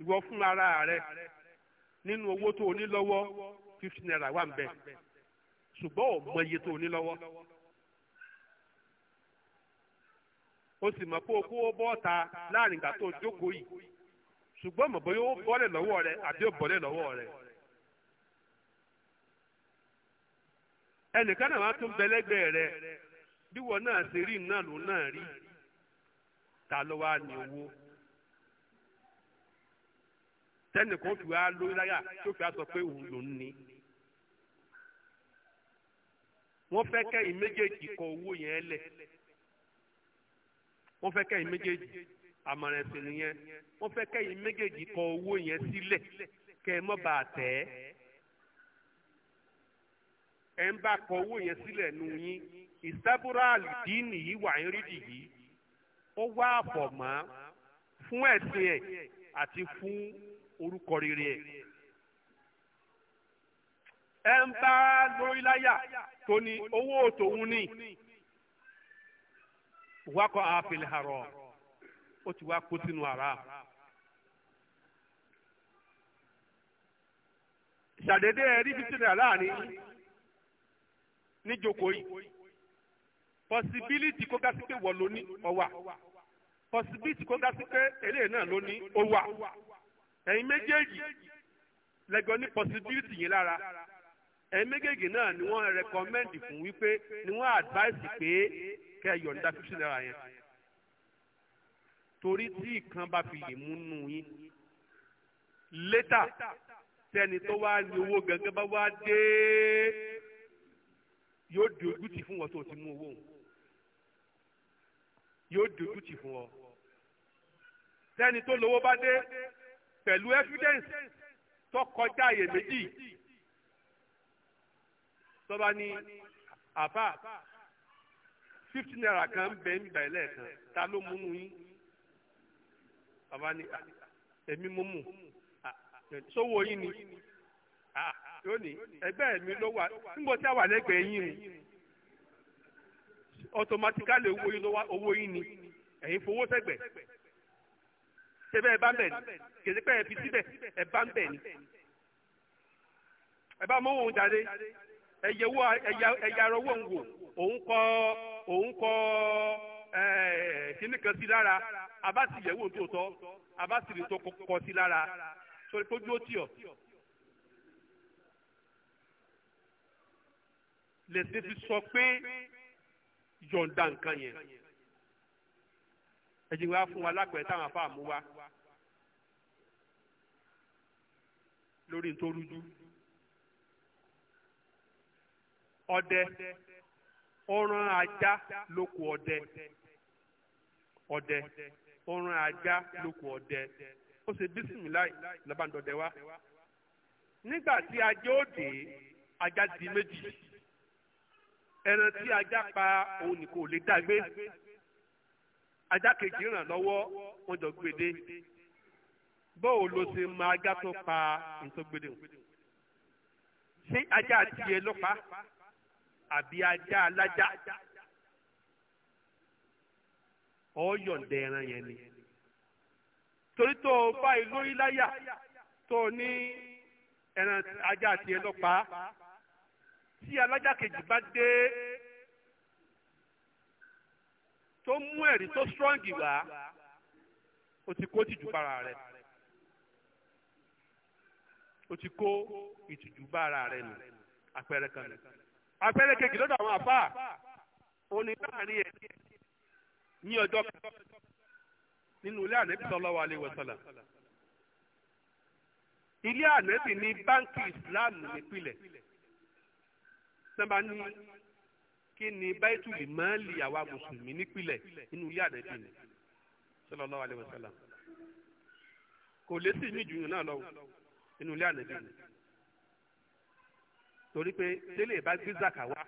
ìwọ fún ara rẹ̀. nínú owó tó o ní lọ́wọ́ fifty naira wà ń bẹ ṣùgbọ́n mọ iye tó o ní lọ́wọ́ o sì mọ̀ o kó láàrin o jókòó yìí ṣùgbọ́n mọ̀ bóyá bọ́lẹ̀ lọ́wọ́ rẹ àbí ó bọ́lẹ̀ lọ́wọ́ rẹ. ẹnìkan náà wàá tún rẹ bí wọn náà ṣe rí ta ló wá tẹ́nìkan fi wá lórí láyà tó fi sọ pé òun lòún ni. wọ́n fẹ́ kẹ́yìn méjèèjì kọ owó yẹn lẹ̀ wọ́n fẹ́ kẹ́yìn méjèèjì àmọ̀ràn ẹ̀sìn nìyẹn wọ́n fẹ́ kẹ́yìn méjèèjì kọ owó yẹn sílẹ̀ kẹ́ ẹ mọ́ bá a tẹ̀ ẹ́ ń bá kọ owó yẹn sílẹ̀ nù yín ìsẹ́búrà àlùdíìnì yìí wà ń rídì yìí ó wá àfọ̀mọ́ fún ẹ̀sìn ẹ̀ àti fún orúkọ rere ẹ̀ ẹ ń bá lórí láyà tó ní owó tòun ní wákọ àfẹlẹ̀ àrọ ó ti wá kó sínú ara ṣàdédé ẹ̀rí fi sílẹ̀ láàrin níjòkó yìí pọsibílítì kó gá pé wọ́n lóní ọ̀wà pọsibílítì kó gá pé eléyìí náà lóní ọ̀wà. ẹ̀yin méjèèjì lẹ́gọ́ ní possibility yìí lára ẹ̀yin méjèèjì náà ni wọ́n recommend fún wípé ni wọ́n advice pé kẹ́ ẹ yọ̀ǹda fifty naira yẹn torí tí ìkan bá fi lè mú nù yín létà tẹni tó wá ní owó gangan bá wá dé yóò di ojútì fún wọn tó ti mú owó òun yóò di ojútì fún ọ tẹni tó lówó bá dé pẹ̀lú evidence tó kọjá iyèméjì tó bá ní àbá fifty naira kan ń bẹ ń bẹ lẹ́ẹ̀kan ta ló mú un yín bàbá ní èmi mú mú sówó yín ni yóò ní ẹgbẹ́ mi ló wà níbo tí a wà lẹ́gbẹ̀ẹ́ yín ni automatically owó yín ni ẹ̀yin fowó sẹ́gbẹ̀ẹ́ ṣe bẹ́ẹ̀ bá ń bẹ̀ ni kèsì pé ẹ fi síbẹ̀ ẹ bá ń bẹ̀ ni. ẹ bá mọ òun jáde ẹyẹ wo ẹyà ara owó ń wò òun kọ òun kọ kíní kan sí lára abáṣì yẹ̀wò tó tọ́ abáṣì rí tó kọ sí lára sórí kó dúró tì ọ́. lè ṣe fi sọ pé yọ̀ǹda nǹkan yẹn ẹjẹ wa fún wa lápẹ̀ẹ́ táwọn afá mú wa lórí ntòrújú ọdẹ ọràn ajá lóko ọdẹ ọdẹ ọràn ajá lóko ọdẹ ó ṣe bísímìláì lọ́bàndọ̀dẹ wa nígbà tí ajá ó dé ajá di méjì ẹran tí ajá pa òun nìkan ò lè dàgbé. aja ràn lọ́wọ́ wọ́n jọ gbede bóò ló ti mọ ajá tó pa ntọ́gbede o ṣé ajá tiẹ̀ ló aja àbí ajá alájá ọ̀yọ̀ǹdẹ̀ ẹran yẹn ni torí tó o bá ìlú iláyà tó o ní ẹran ajá tiẹ̀ bá dé tó mú ẹ̀rí tó strong wá o ti kó tìjú bára rẹ o ti kó ìtìjú bára rẹ nù àpẹẹrẹ kan nù àpẹẹrẹ kejì lọ́dọ̀ àwọn àfà òní láàrin ẹ̀ ní ọjọ́ kan nínú ilé ànẹ́bí sallallahu alaihi wasallam ilé ànẹ́bí ní báńkì Islam nípìnlẹ̀ sábà ní kí ni báyìtùlì máàlì àwa mùsùlùmí nípìlẹ̀ nínú ilé àdẹ́bí ni sallallahu alaihi wasallam kò lé sí ìmí ìjùyàn náà lọ́wọ́ nínú ilé àdẹ́bí ni torí pé tẹ́lẹ̀ bá gbé zaka wá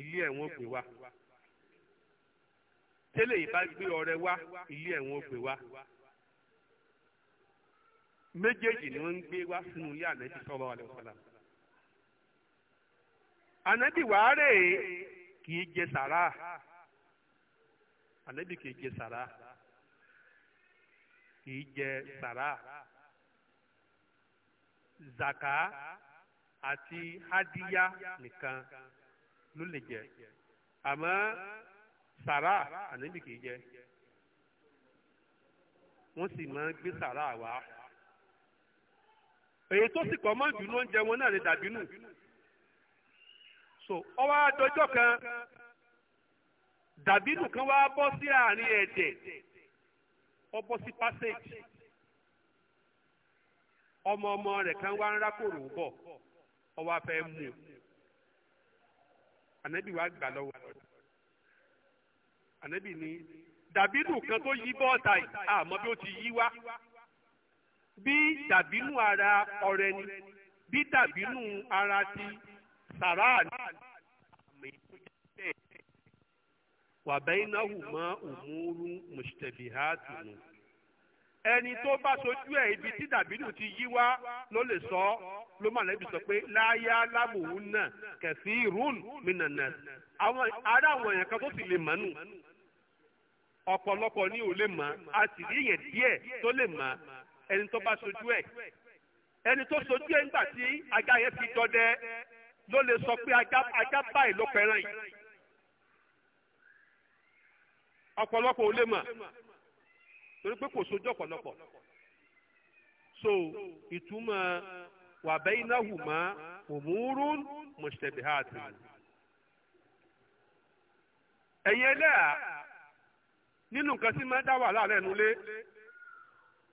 ilé ẹ̀wọ̀n ògbé wá tẹ́lẹ̀ ìbá gbé ọrẹ wá ilé ẹ̀wọ̀n ògbé wá méjèèjì ni wọ́n ń gbé wá sínú ilé àdẹ́bí sallallahu alaihi wasallam ànábì wàárẹ̀ kì í jẹ sàrà ànábì kì í jẹ sàrà kì í jẹ sàrà zaka àti hadiya nìkan ló lè jẹ àmọ́ sàrà ànábì kì í jẹ wọ́n sì máa ń gbé sàrà wá èyí tó sì kọ́ mọ́ jù ló ń jẹ wọn náà ní dàbínú. so ọwọ́ àdójọ́ kan dàbínù kan wá bọ́ sí àárín ẹ̀jẹ̀ ó bọ́ sí passage ọmọ ọmọ rẹ̀ kan wá ń rákòrò bọ̀ ọwọ́ afẹ́ mú un ànábì wá gbà lọ́wọ́ ànábì kan tó yí bọ́ọ̀tà yìí àmọ́ bí ó ti yí wá bí ara ọ̀rẹ́ ni bí dàbínù ara ti. sàrán àmì tó jẹ́ bẹ́ẹ̀ wà bẹ́ẹ̀ náà wù mọ́ òmùrú mùsítẹ̀bìhátùnù ẹni tó bá sojú ẹ̀ ibi tí dàbínú ti yí wá ló lè sọ ló mà lẹ́bi sọ pé láyá lámùhún náà kẹ̀sí rún mìnànà àwọn ará àwọn èèyàn kan tó sì lè mọ̀ nù Ọpọlọpọ ni ò lè mọ̀ a sì rí èèyàn díẹ̀ tó lè mọ̀ ẹni tó bá sojú ẹ̀ ẹni tó sojú ẹ̀ tí yẹn fi ló lè sọ pé ajá báyìí ló pẹ̀ràn yìí ọ̀pọ̀lọpọ̀ ò lè mà torí pé kò sójú ọ̀pọ̀lọpọ̀ so ìtumọ̀ wàbẹ́yìn náà wù má òmùúrún mùsùlùmí ẹ̀yin ẹlẹ́à nínú nǹkan tí máa ń dá wàhálà rẹ̀ nulẹ̀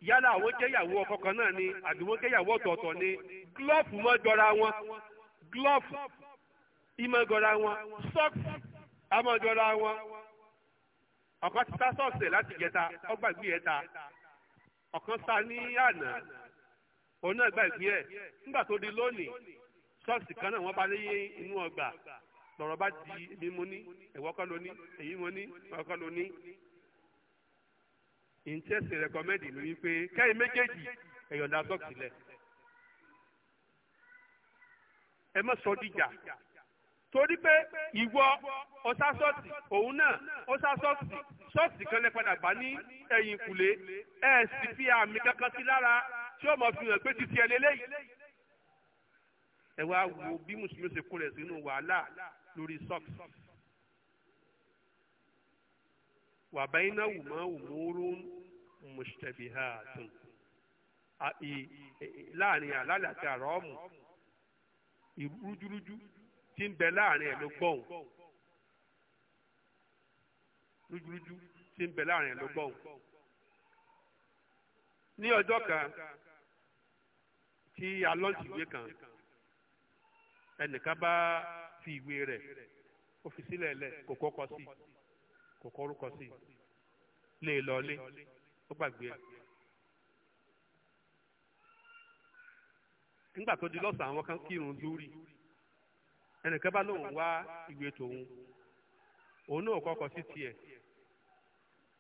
yálà àwọn jẹ́yàwó ọkọ kan náà ni àbí wọ́n jẹ́yàwó ọ̀tọ̀ọ̀tọ̀ ni gílọ́ọ̀fù mọ́ jọra wọn glove ìmọ̀gọ́ra wọn socks amọ̀gọ́ra wọn ọ̀kan ti ta socks ẹ̀ láti jẹta ọgbà ìgbín ẹ̀ ta ọ̀kan sa ní àná òun náà gba ìgbín ẹ̀ nígbà tó di lónìí socks kan náà wọ́n bá lé inú ọgbà lọ́rọ̀ bá di èmi mo ní ẹ̀wọ́ kọ́ ló ní èyí mo ní ẹ̀wọ́ kọ́ ló ní. ìǹtẹ́sì rẹ̀kọ́mẹ́ndì ni wípé kẹ́yìn méjèèjì ẹ̀yọ̀dà socks lẹ̀ ẹ má sọ dìjà torí pé ìwọ ọsá ṣọ́ọ̀tì òun náà ọsá ṣọ́ọ̀tì ṣọ́ọ̀tì kan lè padà bá ní ẹ̀yìn kùlé ẹ sì fi àmì kankan sí lára tí ó mọ̀ fi hàn pé títí ẹ lélẹ́yìí. ẹ wá wo bí mùsùlùmí ṣe kún rẹ̀ sínú wàhálà lórí socks. wàbẹ́yìn náà wù mọ́ òmùúrún mùsùlùmí hà tún láàrin àlálàkà rọ́ọ̀mù rújúrújú tí ń bẹ láàrin ẹ̀ ló gbọ́hùn rújúrújú tí ń bẹ láàrin ẹ̀ ló gbọ́hùn. ní ọjọ́ kan tí a lọ́ọ̀tì ìwé kan ẹnìkan bá fi ìwé rẹ̀ ó fi sílẹ̀ lẹ̀ kò kọ́kọ́ sí kò kọ́ orúkọ sí lé e lọ́ọ́lé ó gbàgbé ẹ̀. nígbà tó di lọ́sàn-án àwọn kan kírun lórí ẹnìkan bá lóun wá ìwé tòun òun náà kọ́kọ́ sí tiẹ̀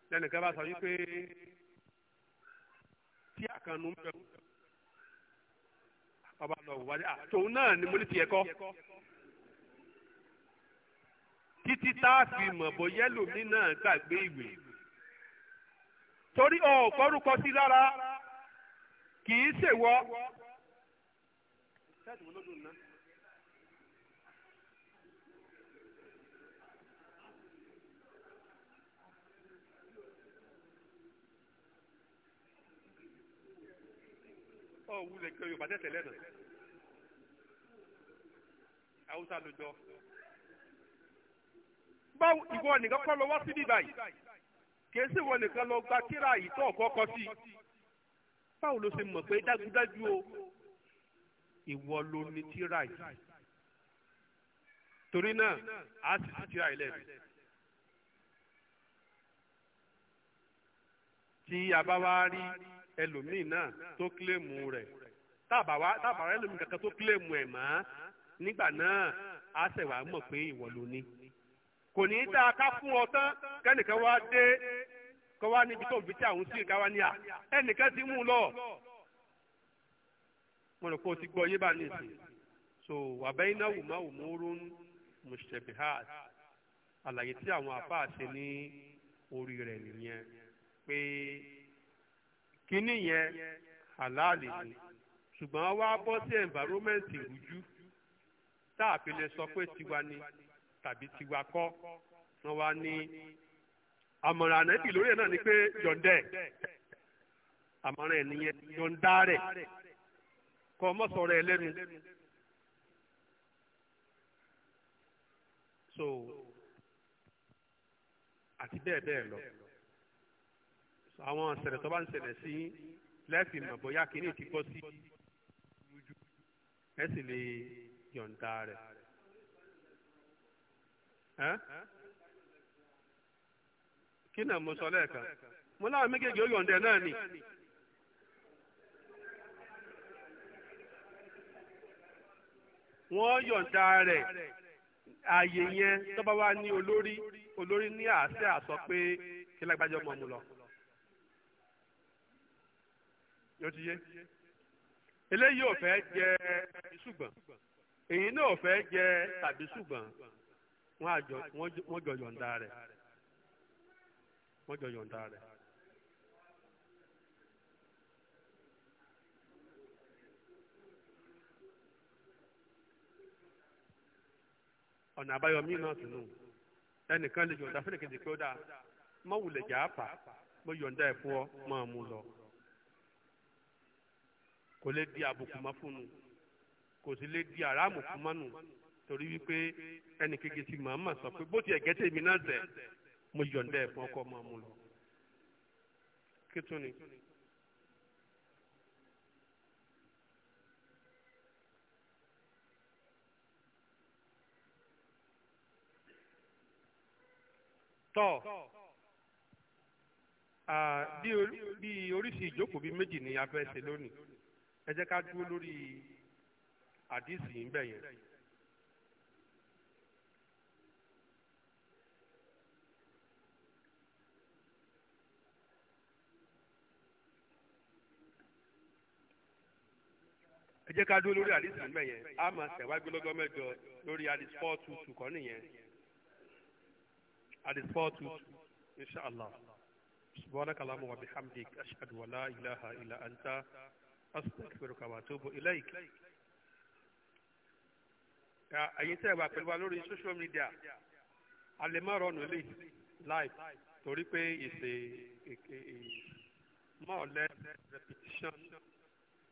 lẹ́nìkan bá sọ wípé tí àkànnù ń bẹ ọba lọ wò wájú àtòun náà ni mo ní tiẹ̀ kọ́ títí tá a fi mọ̀ bóyá lómi náà gbàgbé ìwé torí ọ̀ọ́kọ́rúkọ sí lára kì í ṣèwọ́ sáàtì wo ló dùn náà. ọ wulẹ̀ gbé yorùbá tẹ̀sẹ̀ lẹ́nu haúsá ló jọ. báwo ìwọ nìkan kọ́ lọ wá síbí báyìí kìí sì wọ nìkan lọ gba tíra yìí tó ọ̀kọ́ kọ sí i. báwo ló ṣe mọ̀ pé dájúdájú o ìwọ ló ní torí náà a sì ti tíra yìí lẹ́nu. tí a bá wá rí ẹlòmíì náà tó kílèmù rẹ̀ tábàwá tábàwá ẹlòmíì kankan tó kílèmù ẹ̀ mọ́ nígbà náà a ṣẹ̀ wá mọ̀ pé ìwọ ló ní. kò ní í dáa ká fún ọ tán wá dé kọ́ mo rò pé o ti gbọ́ yé bá ní ìsìn so wàbẹ́yìn náà wùmá wùmúrún mushtabihat àlàyé tí àwọn àfáà ṣe ní orí rẹ̀ nìyẹn pé kínní yẹn àláàlì ni ṣùgbọ́n wá bọ́ sí environment ìrújú tá a fi lè sọ pé tiwa ni tàbí tiwa kọ́ wọn wá ní àmọ̀ràn ànẹ́bì lórí ẹ̀ náà ni pé yọ̀ǹdẹ̀ àmọ̀ràn ẹ̀ nìyẹn yọ̀ǹda rẹ̀ kọ́ ọmọ sọ̀rọ̀ ẹ lẹ́nu. so àti bẹ́ẹ̀ bẹ́ẹ̀ lọ àwọn ìṣẹ̀lẹ̀ tó bá ń ṣẹlẹ̀ sí lẹ́sìn mọ̀ bóyá kínní ti gbọ́ sí ẹ sì lè yọ̀ǹda rẹ̀. kí ni mo sọ lẹ́ẹ̀kan mo láwọn méjèèjì ó yọ̀ǹda náà ni. wọ́n yọ̀ǹda rẹ̀ ààyè yẹn tó bá wà ní olórí olórí ní àṣẹ àsọ pé kí lágbájọ mọ̀ mu lọ. yóò ti yé eléyìí ò fẹ́ jẹ tàbí ṣùgbọ́n èyí náà ò fẹ́ jẹ tàbí ṣùgbọ́n wọ́n jọ yọ̀ǹda rẹ̀ wọ́n jọ yọ̀ǹda rẹ̀. ọ̀nà àbáyọ mí náà sì nù ẹnìkan lè yọ̀ǹda fún èkejì pé ó dáa mọ wulẹ̀ jà á pa mo yọ̀ǹda ẹ̀ fún ọ máa mú lọ kò lè di àbùkù mọ́ fún un kò sì lè di àràmù fún mọ́nù torí wípé ẹnì kejì ti màmá sọ pé bó tiẹ̀ gẹ́tẹ̀ mi náà zẹ̀ mo yọ̀ǹda ẹ̀ fún ọkọ máa mú lọ kí tún ni. tọ́ bí oríṣi ìjókòó bíi méjì ni a fẹ́ ṣe lónìí ẹ jẹ́ ká dúró lórí àdìsí yìí ń bẹ̀ yẹn. ẹ jẹ́ ká dúró lórí àdìsí ń bẹ̀ yẹn a máa tẹ̀wá mẹ́jọ lórí àdìsí nìyẹn. at his fortitude inshallah سبحانك اللهم وبحمدك أشهد ولا إله إلا أنت أستغفرك وأتوب إليك ẹ̀yin tẹ́ ẹ wà pẹ̀lú wa lórí social media a lè má rọrùn lè live torí pé it's a, a, a more or less repetition